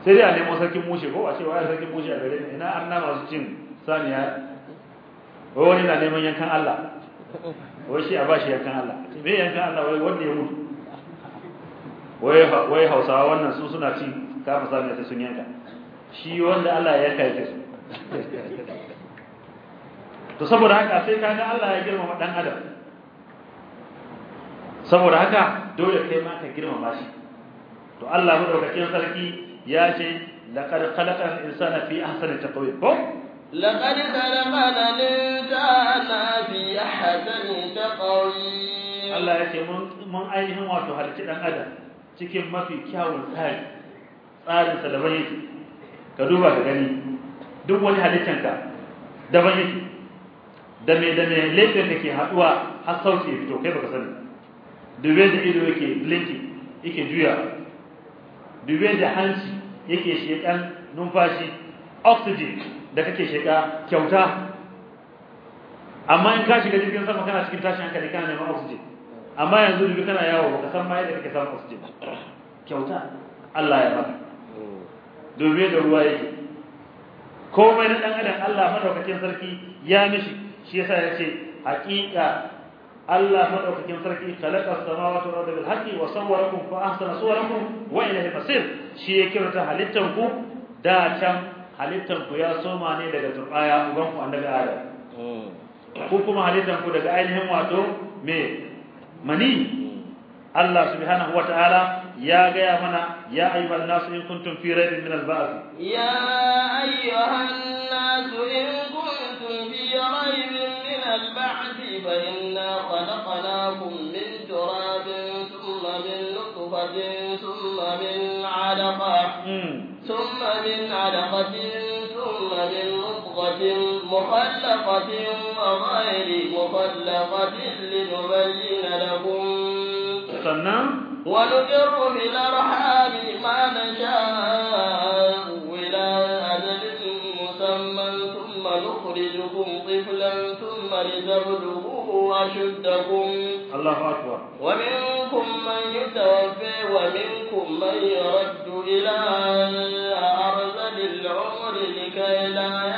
[SPEAKER 1] sai dai a nemo sarkin mushe ko a ce waye sarkin mushe a gare ni ina nama masu cin saniya wai wani na neman yankan Allah wai shi a bashi yankan Allah me yankan Allah wai wanda ya mutu wai hausawa wannan su suna ci kafa sami ta sun yanka shi wanda Allah ya yanka su to saboda haka sai kaga Allah ya girmama dan adam saboda haka dole kai ma ka girmama shi to Allah mu madaukakin sarki ya ce laqad al insana fi ahsani taqwim ko
[SPEAKER 2] laqad khalaqal insana fi ahsani taqwim
[SPEAKER 1] Allah ya ce mun mun ainihin wato halitta dan adam cikin mafi kyawun tsari tsarin sa daban yake ka duba ka gani duk wani halittanka ka daban yake da me da me laifin da ke haduwa har sauke ya fito kai baka sani dube da ido yake blinki yake juya dube da hanci yake shekan numfashi oxygen da kake sheka kyauta amma in ka shiga jirgin sama kana cikin tashin hankali kana neman oxygen amma yanzu duk kana yawo baka san ma yadda kake samun oxygen kyauta Allah ya baka dobe da ruwa yake komai na dan adam Allah madaukakin sarki ya mishi shi yasa yace haqiqa Allah madaukakin sarki khalaqa samawati wal arda bil haqqi wa sawwarakum fa ahsana suwarakum wa ilayhi tasir shi ya kirta halittan ku da can halittan ku ya soma ne daga turaya uban ku annabi Adam hmm. Ko kuma halittan ku daga ainihin wato me mani Allah subhanahu wa ta'ala ya gaya mana ya ayyuhan nasu in kuntum fi raibin min al-ba'th
[SPEAKER 2] ya ayyuhan nasu in kuntum fi raibin min al-ba'th fa inna khalaqnakum min turabin thumma min nutfatin thumma min 'alaqatin thumma min 'alaqatin thumma min مخلقة وغير مخلقة لنبين لكم ونجر في الأرحام ما نشاء إلى أجل مسمى ثم نخرجكم طفلا ثم لتبلغوه أشدكم الله أكبر ومنكم من يتوفي ومنكم من يرد إلى أرذل العمر لكي لا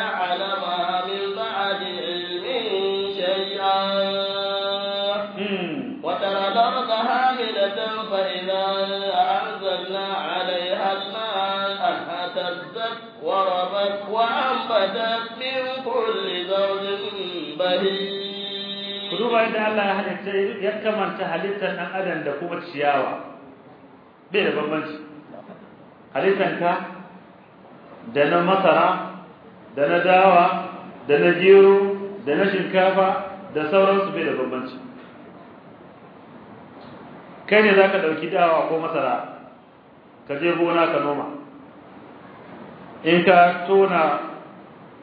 [SPEAKER 1] duba yadda Allah ya halitta ya kamanta halittar dan adam da kuma ciyawa bai da bambanci halittar ka da na masara da na dawa da na gero da na shinkafa da sauransu bai da bambanci kai ne zaka dauki dawa ko masara ka je gona ka noma in ka tona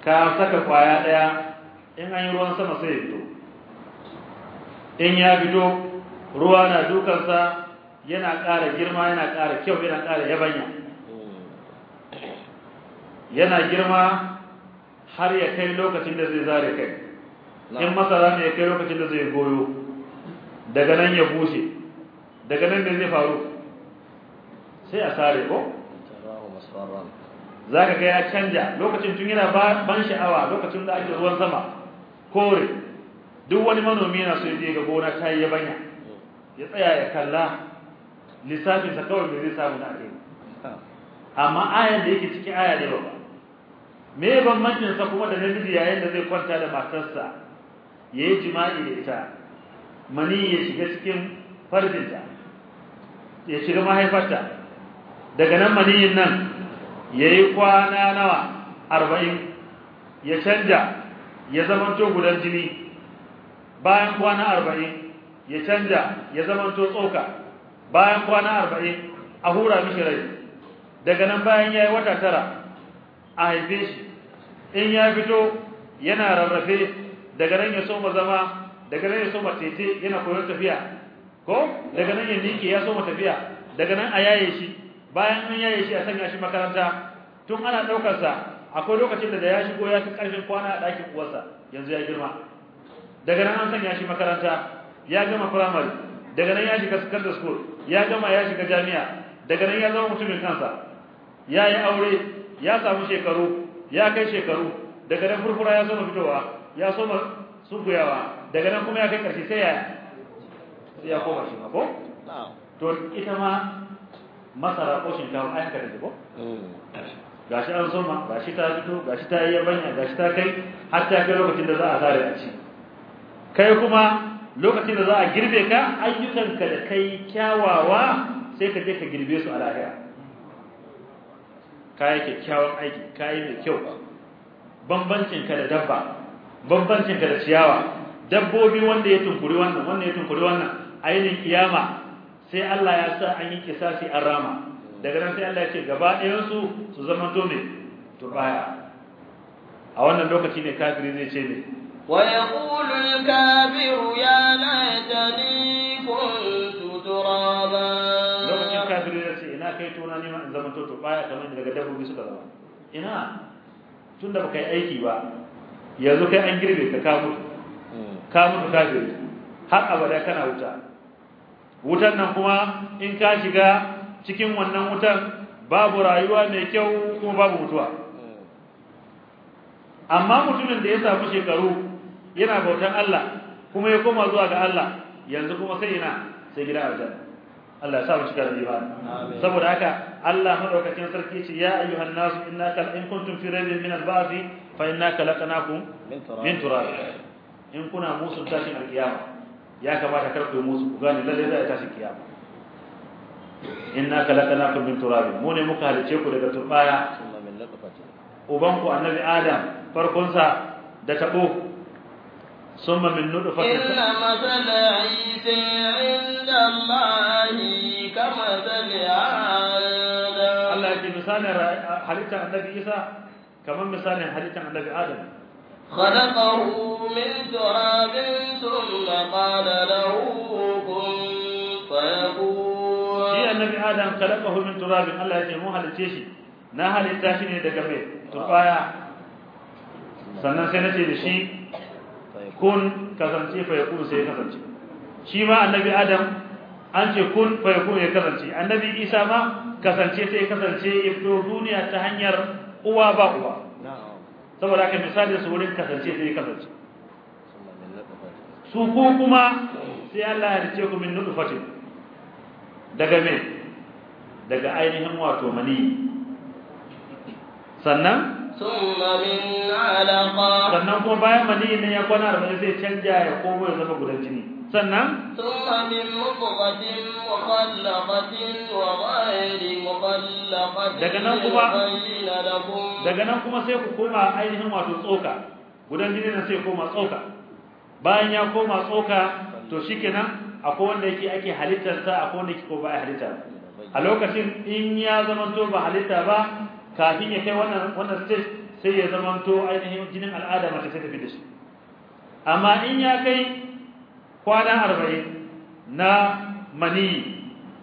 [SPEAKER 1] ka saka kwaya daya in an yi ruwan sama sai ya fito in ya fito ruwa na dukansa yana ƙara girma yana ƙara kyau yana ƙara yabanya yana girma har ya kai lokacin da zai zare kai in masara ne ya kai lokacin da zai goyo daga nan ya bushe daga nan da zai faru sai a sare ko za ka ga ya canja lokacin tun yana ban sha'awa lokacin da ake ruwan sama kore duk wani manomi yana so ya ga gona ta yi yabanya ya tsaya ya kalla lissafin sa kawai me zai samu na kai amma ayan da yake ciki aya da yawa me bambancin sa kuma da namiji yayin da zai kwanta da matarsa yayi jima'i da ita mani ya shiga cikin farjinta ya shiga mahaifarta daga nan maniyin nan yayi kwana nawa arba'in ya canja ya zama to gudan jini bayan kwana arba'in, ya canja ya zama tsoka bayan kwana arba'in, a hura mishi rai daga nan bayan ya yi wata tara a haife shi in ya fito yana rarrafe daga nan ya soma zama daga nan ya soma tete yana koyon tafiya ko daga nan ya nike ya soma tafiya daga nan a yaye shi bayan an yaye shi a sanya shi makaranta tun ana ɗaukarsa akwai lokacin da ya shigo ya fi karfin kwana a ɗakin uwarsa yanzu ya girma daga nan an sanya shi makaranta ya gama primary daga nan ya shiga secondary school ya gama ya shiga jami'a daga nan ya zama mutumin kansa ya yi aure ya samu shekaru ya kai shekaru daga nan furfura ya soma fitowa ya soma sunkuyawa daga nan kuma ya kai karshe sai ya ya koma shi ma ko to ita ma masara ko shinkafa ai haka ne ko mm. gashi an soma gashi ta fito gashi ta yi yabanya gashi ta kai har ta kai lokacin da za a sare a ci kai kuma lokacin da za a girbe ka ayyukanka da kai kyawawa sai ka je ka girbe su a lahira kai kyakkyawan aiki kai mai kyau bambancin ka da dabba bambancin ka da ciyawa dabbobi wanda ya tunkuri wannan wanda ya tunkuri wannan ainin kiyama sai Allah ya sa an yi kisasi an rama daga nan sai Allah ya ce gaba ɗayan su su zama to ne turbaya a wannan lokaci ne kafiri zai ce ne ويقول
[SPEAKER 2] الكافر يا ليتني كنت ترابا
[SPEAKER 1] لو الكافر يقول ina kai tona ne in zama toto baya kamar daga dabbobi suka zama ina baka yi aiki ba yanzu kai an girbe ka ka mutu ka mutu kafiri har abada kana wuta wutan nan kuma in ka shiga cikin wannan wutan babu rayuwa mai kyau kuma babu mutuwa amma mutumin da ya samu shekaru yana bautan Allah kuma ya koma zuwa ga Allah yanzu kuma sai ina sai gida aljanna Allah ya sa mu cika da imani saboda haka Allah madaukakin sarki ce ya ayyuhan nas innaka in kuntum fi raybin min al-ba'th fa innaka laqanakum min turab in kuna musu tashin alkiyama ya kamata kar ku musu ku gane lalle za a tashi kiyama innaka laqanakum min turab mu ne muka halice ku daga turbaya uban ku annabi adam farkon sa da tabo ثم من نطفة إن مثل عيسى
[SPEAKER 2] عند الله كمثل آدم
[SPEAKER 1] الله يجي مثال حديث عن النبي عيسى كمان مثال حديث عن النبي آدم خلقه
[SPEAKER 2] من تراب ثم قال له كن فيكون
[SPEAKER 1] شيء النبي آدم خلقه من تراب الله يجي مو هل شيء na halitta shi ne daga mai turbaya sannan sai na ce da shi kun kasance fa yakun sai kasance shi ma annabi adam an ce kun fa yakun ya kasance annabi isa ma kasance sai kasance ibdo duniya ta hanyar uwa ba uwa saboda haka misali su wurin kasance sai kasance su ku kuma sai Allah ya rice ku min nutfatin daga me daga ainihin wato mani sannan
[SPEAKER 2] sannan kuma bayan
[SPEAKER 1] maniyin nan ya kwana arba'in zai canja ya komo ya zama gudan jini sannan
[SPEAKER 2] daga nan kuma daga nan kuma
[SPEAKER 1] sai ku koma ainihin wato tsoka gudan jini na sai koma tsoka bayan ya koma tsoka to shikenan akwai wanda yake ake halittar a akwai wanda yake ko ba halitta a lokacin in ya zama to ba halitta ba kafin ya kai wannan wannan stage sai ya zamanto ainihin jinin al'ada mace sai ta fi dashi amma in ya kai kwana 40 na mani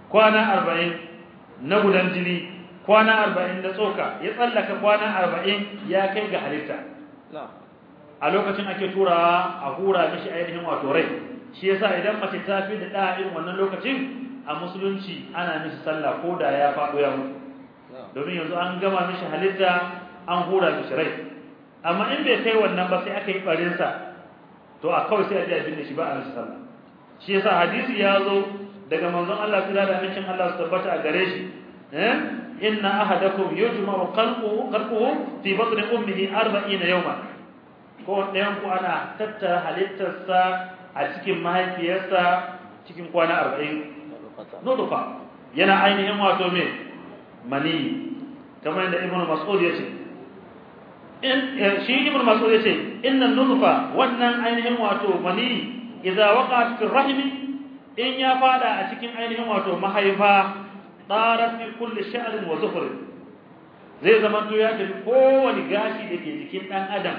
[SPEAKER 1] kwana 40 na gudan jini kwana 40 na tsoka ya tsallaka kwana 40 ya kai ga halitta a lokacin ake tura a hura mishi ainihin wato rai shi yasa idan mace ta fi da da'a irin wannan lokacin a musulunci ana mishi sallah ko da ya faɗo ya mutu domin yanzu an gama mishi halitta an hura mishi rai amma in bai kai wannan ba sai aka yi barin sa to a kawai sai a ji abin da shi ba a mishi shi yasa hadisi ya zo daga manzon Allah sallallahu da wasallam Allah su tabbata a gare shi eh inna ahadakum yujma'u qalbuhu qalbuhu fi batn ummihi 40 yawma ko ɗayan ku ana tattara halittarsa a cikin mahaifiyarsa cikin kwana 40 nudufa yana ainihin wato me mani kamar inda ibn mas'ud yace
[SPEAKER 2] in eh, shi
[SPEAKER 1] ibn mas'ud yace inna nutfa wannan ainihin wato mani idza waqa'at fi rahim in ya fada a cikin ainihin wato mahaifa tsara fi kulli sha'r wa zufr zai zama to ya tafi kowani gashi dake ke jikin dan adam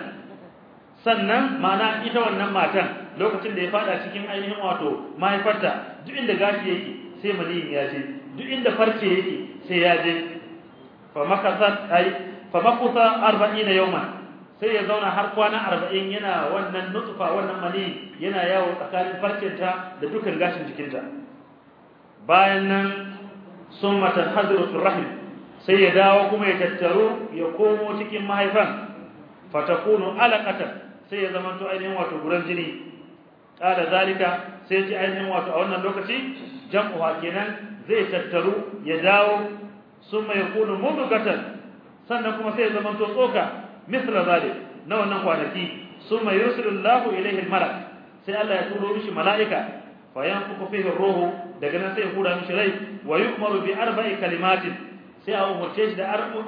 [SPEAKER 1] sannan mana ita wannan matan lokacin da ya fada cikin ainihin wato mahaifarta duk inda gashi yake sai maniyin ya je duk inda farce yake sai ya je fa makasat ai fa makuta 40 yawma sai ya zauna har kwana 40 yana wannan nutfa wannan mali yana yawo tsakanin ta da dukan gashin jikinta bayan nan summa tanhadru rahim sai ya dawo kuma ya tattaro ya komo cikin mahaifan fatakunu alaqatan sai ya zama to ainihin wato guran jini kada zalika sai ji ainihin wato a wannan lokaci jam'u kenan zai tattaru ya dawo summa yakunu mudghatan sannan kuma sai zaman to tsoka misra zalim na wannan kwanaki mai yusulullahu ilaihi almalak sai Allah ya turo mishi malaika fa yanfuku fihi ruhu daga nan sai hura mishi rai wa yukmaru bi arba'i kalimatin sai a umurce shi da arba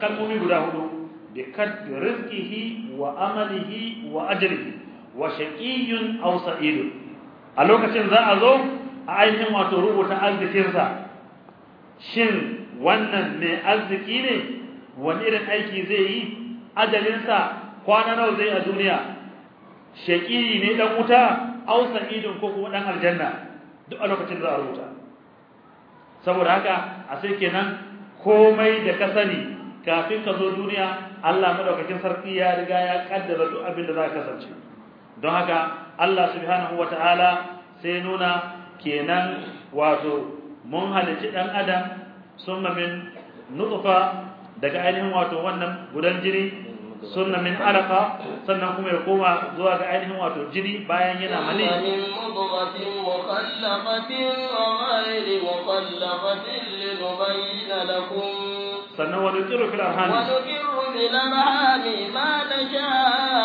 [SPEAKER 1] kalmomi guda hudu bi kadri rizqihi wa amalihi wa ajrihi wa shaqiyyun aw sa'idun a lokacin za a zo A ainihin wato rubuta arzikinsa shin wannan mai arziki ne wani irin aiki zai yi ajalinsa kwana nawa zai a duniya Shaƙi ne dan wuta aw sa'idun ko kuma dan aljanna duk a lokacin za a rubuta saboda haka a sai kenan komai da ka sani kafin ka zo duniya Allah madaukakin sarki ya riga ya kaddara duk abin da za ka kasance don haka Allah subhanahu wataala sai nuna kenan wato mun halici dan adam sunna min nutfa daga ainihin wato wannan gudan jini sunna min alaqa sannan kuma ya koma zuwa ga ainihin wato jini bayan yana mani
[SPEAKER 2] sannan wani tsiru filar arhami wani tsiru fil arhami ma tasha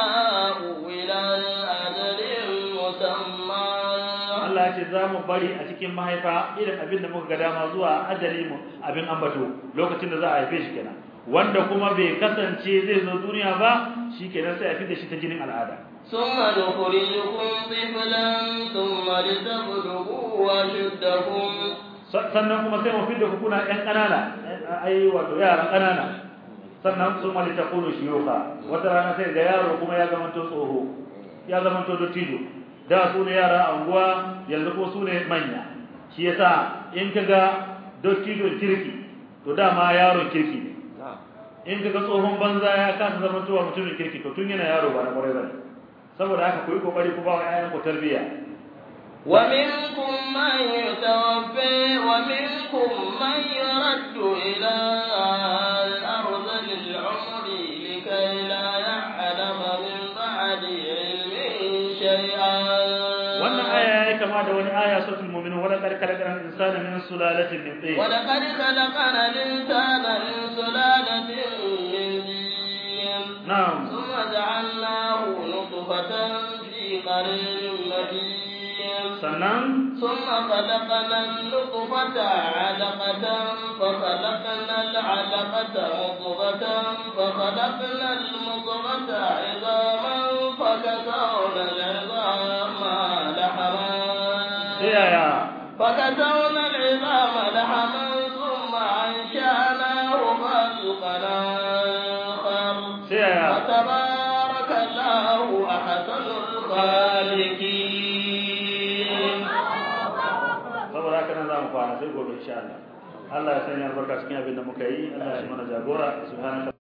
[SPEAKER 1] Allah ce za mu bari a cikin mahaifa irin abin da muka ga dama zuwa ajali mu abin ambato lokacin da za a haife shi kenan wanda kuma bai kasance zai zo duniya ba shi kenan sai a fi da shi ta jinin al'ada
[SPEAKER 2] ثم نخرجكم طفلا ثم لتبلغوا وشدكم sannan
[SPEAKER 1] kuma sai mu fidda ku kuna ƴan ƙanana ai wato yaran ƙanana sannan su mali ta shi shiyuka wata rana sai ga yaro kuma ya zama to tsoho ya zama to dattijo da su ne yara a unguwa yanzu ko su ne manya shi yasa in kaga dokido kirki to dama yaron kirki ne in kaga tsohon banza ya kasa zama tuwa mutumin kirki to tun yana yaro ba na kwarai ba saboda haka ku yi kokari ku ba wa ƴaƴan ku tarbiyya
[SPEAKER 2] ومنكم من يتوفى ومنكم من يرد إلى
[SPEAKER 1] الإنسان من سلالة
[SPEAKER 2] من طين ولقد خلقنا الإنسان من سلالة من طين نعم ثم جعلناه نطفة في قرير مكين سنم ثم خلقنا النطفة علقة فخلقنا العلقة مضغة فخلقنا المضغة عظاما فكسرنا العظام لحما فكسرنا
[SPEAKER 1] Allah ya sanya albarka cikin abin da muka yi Allah ya shi mana jagora subhanahu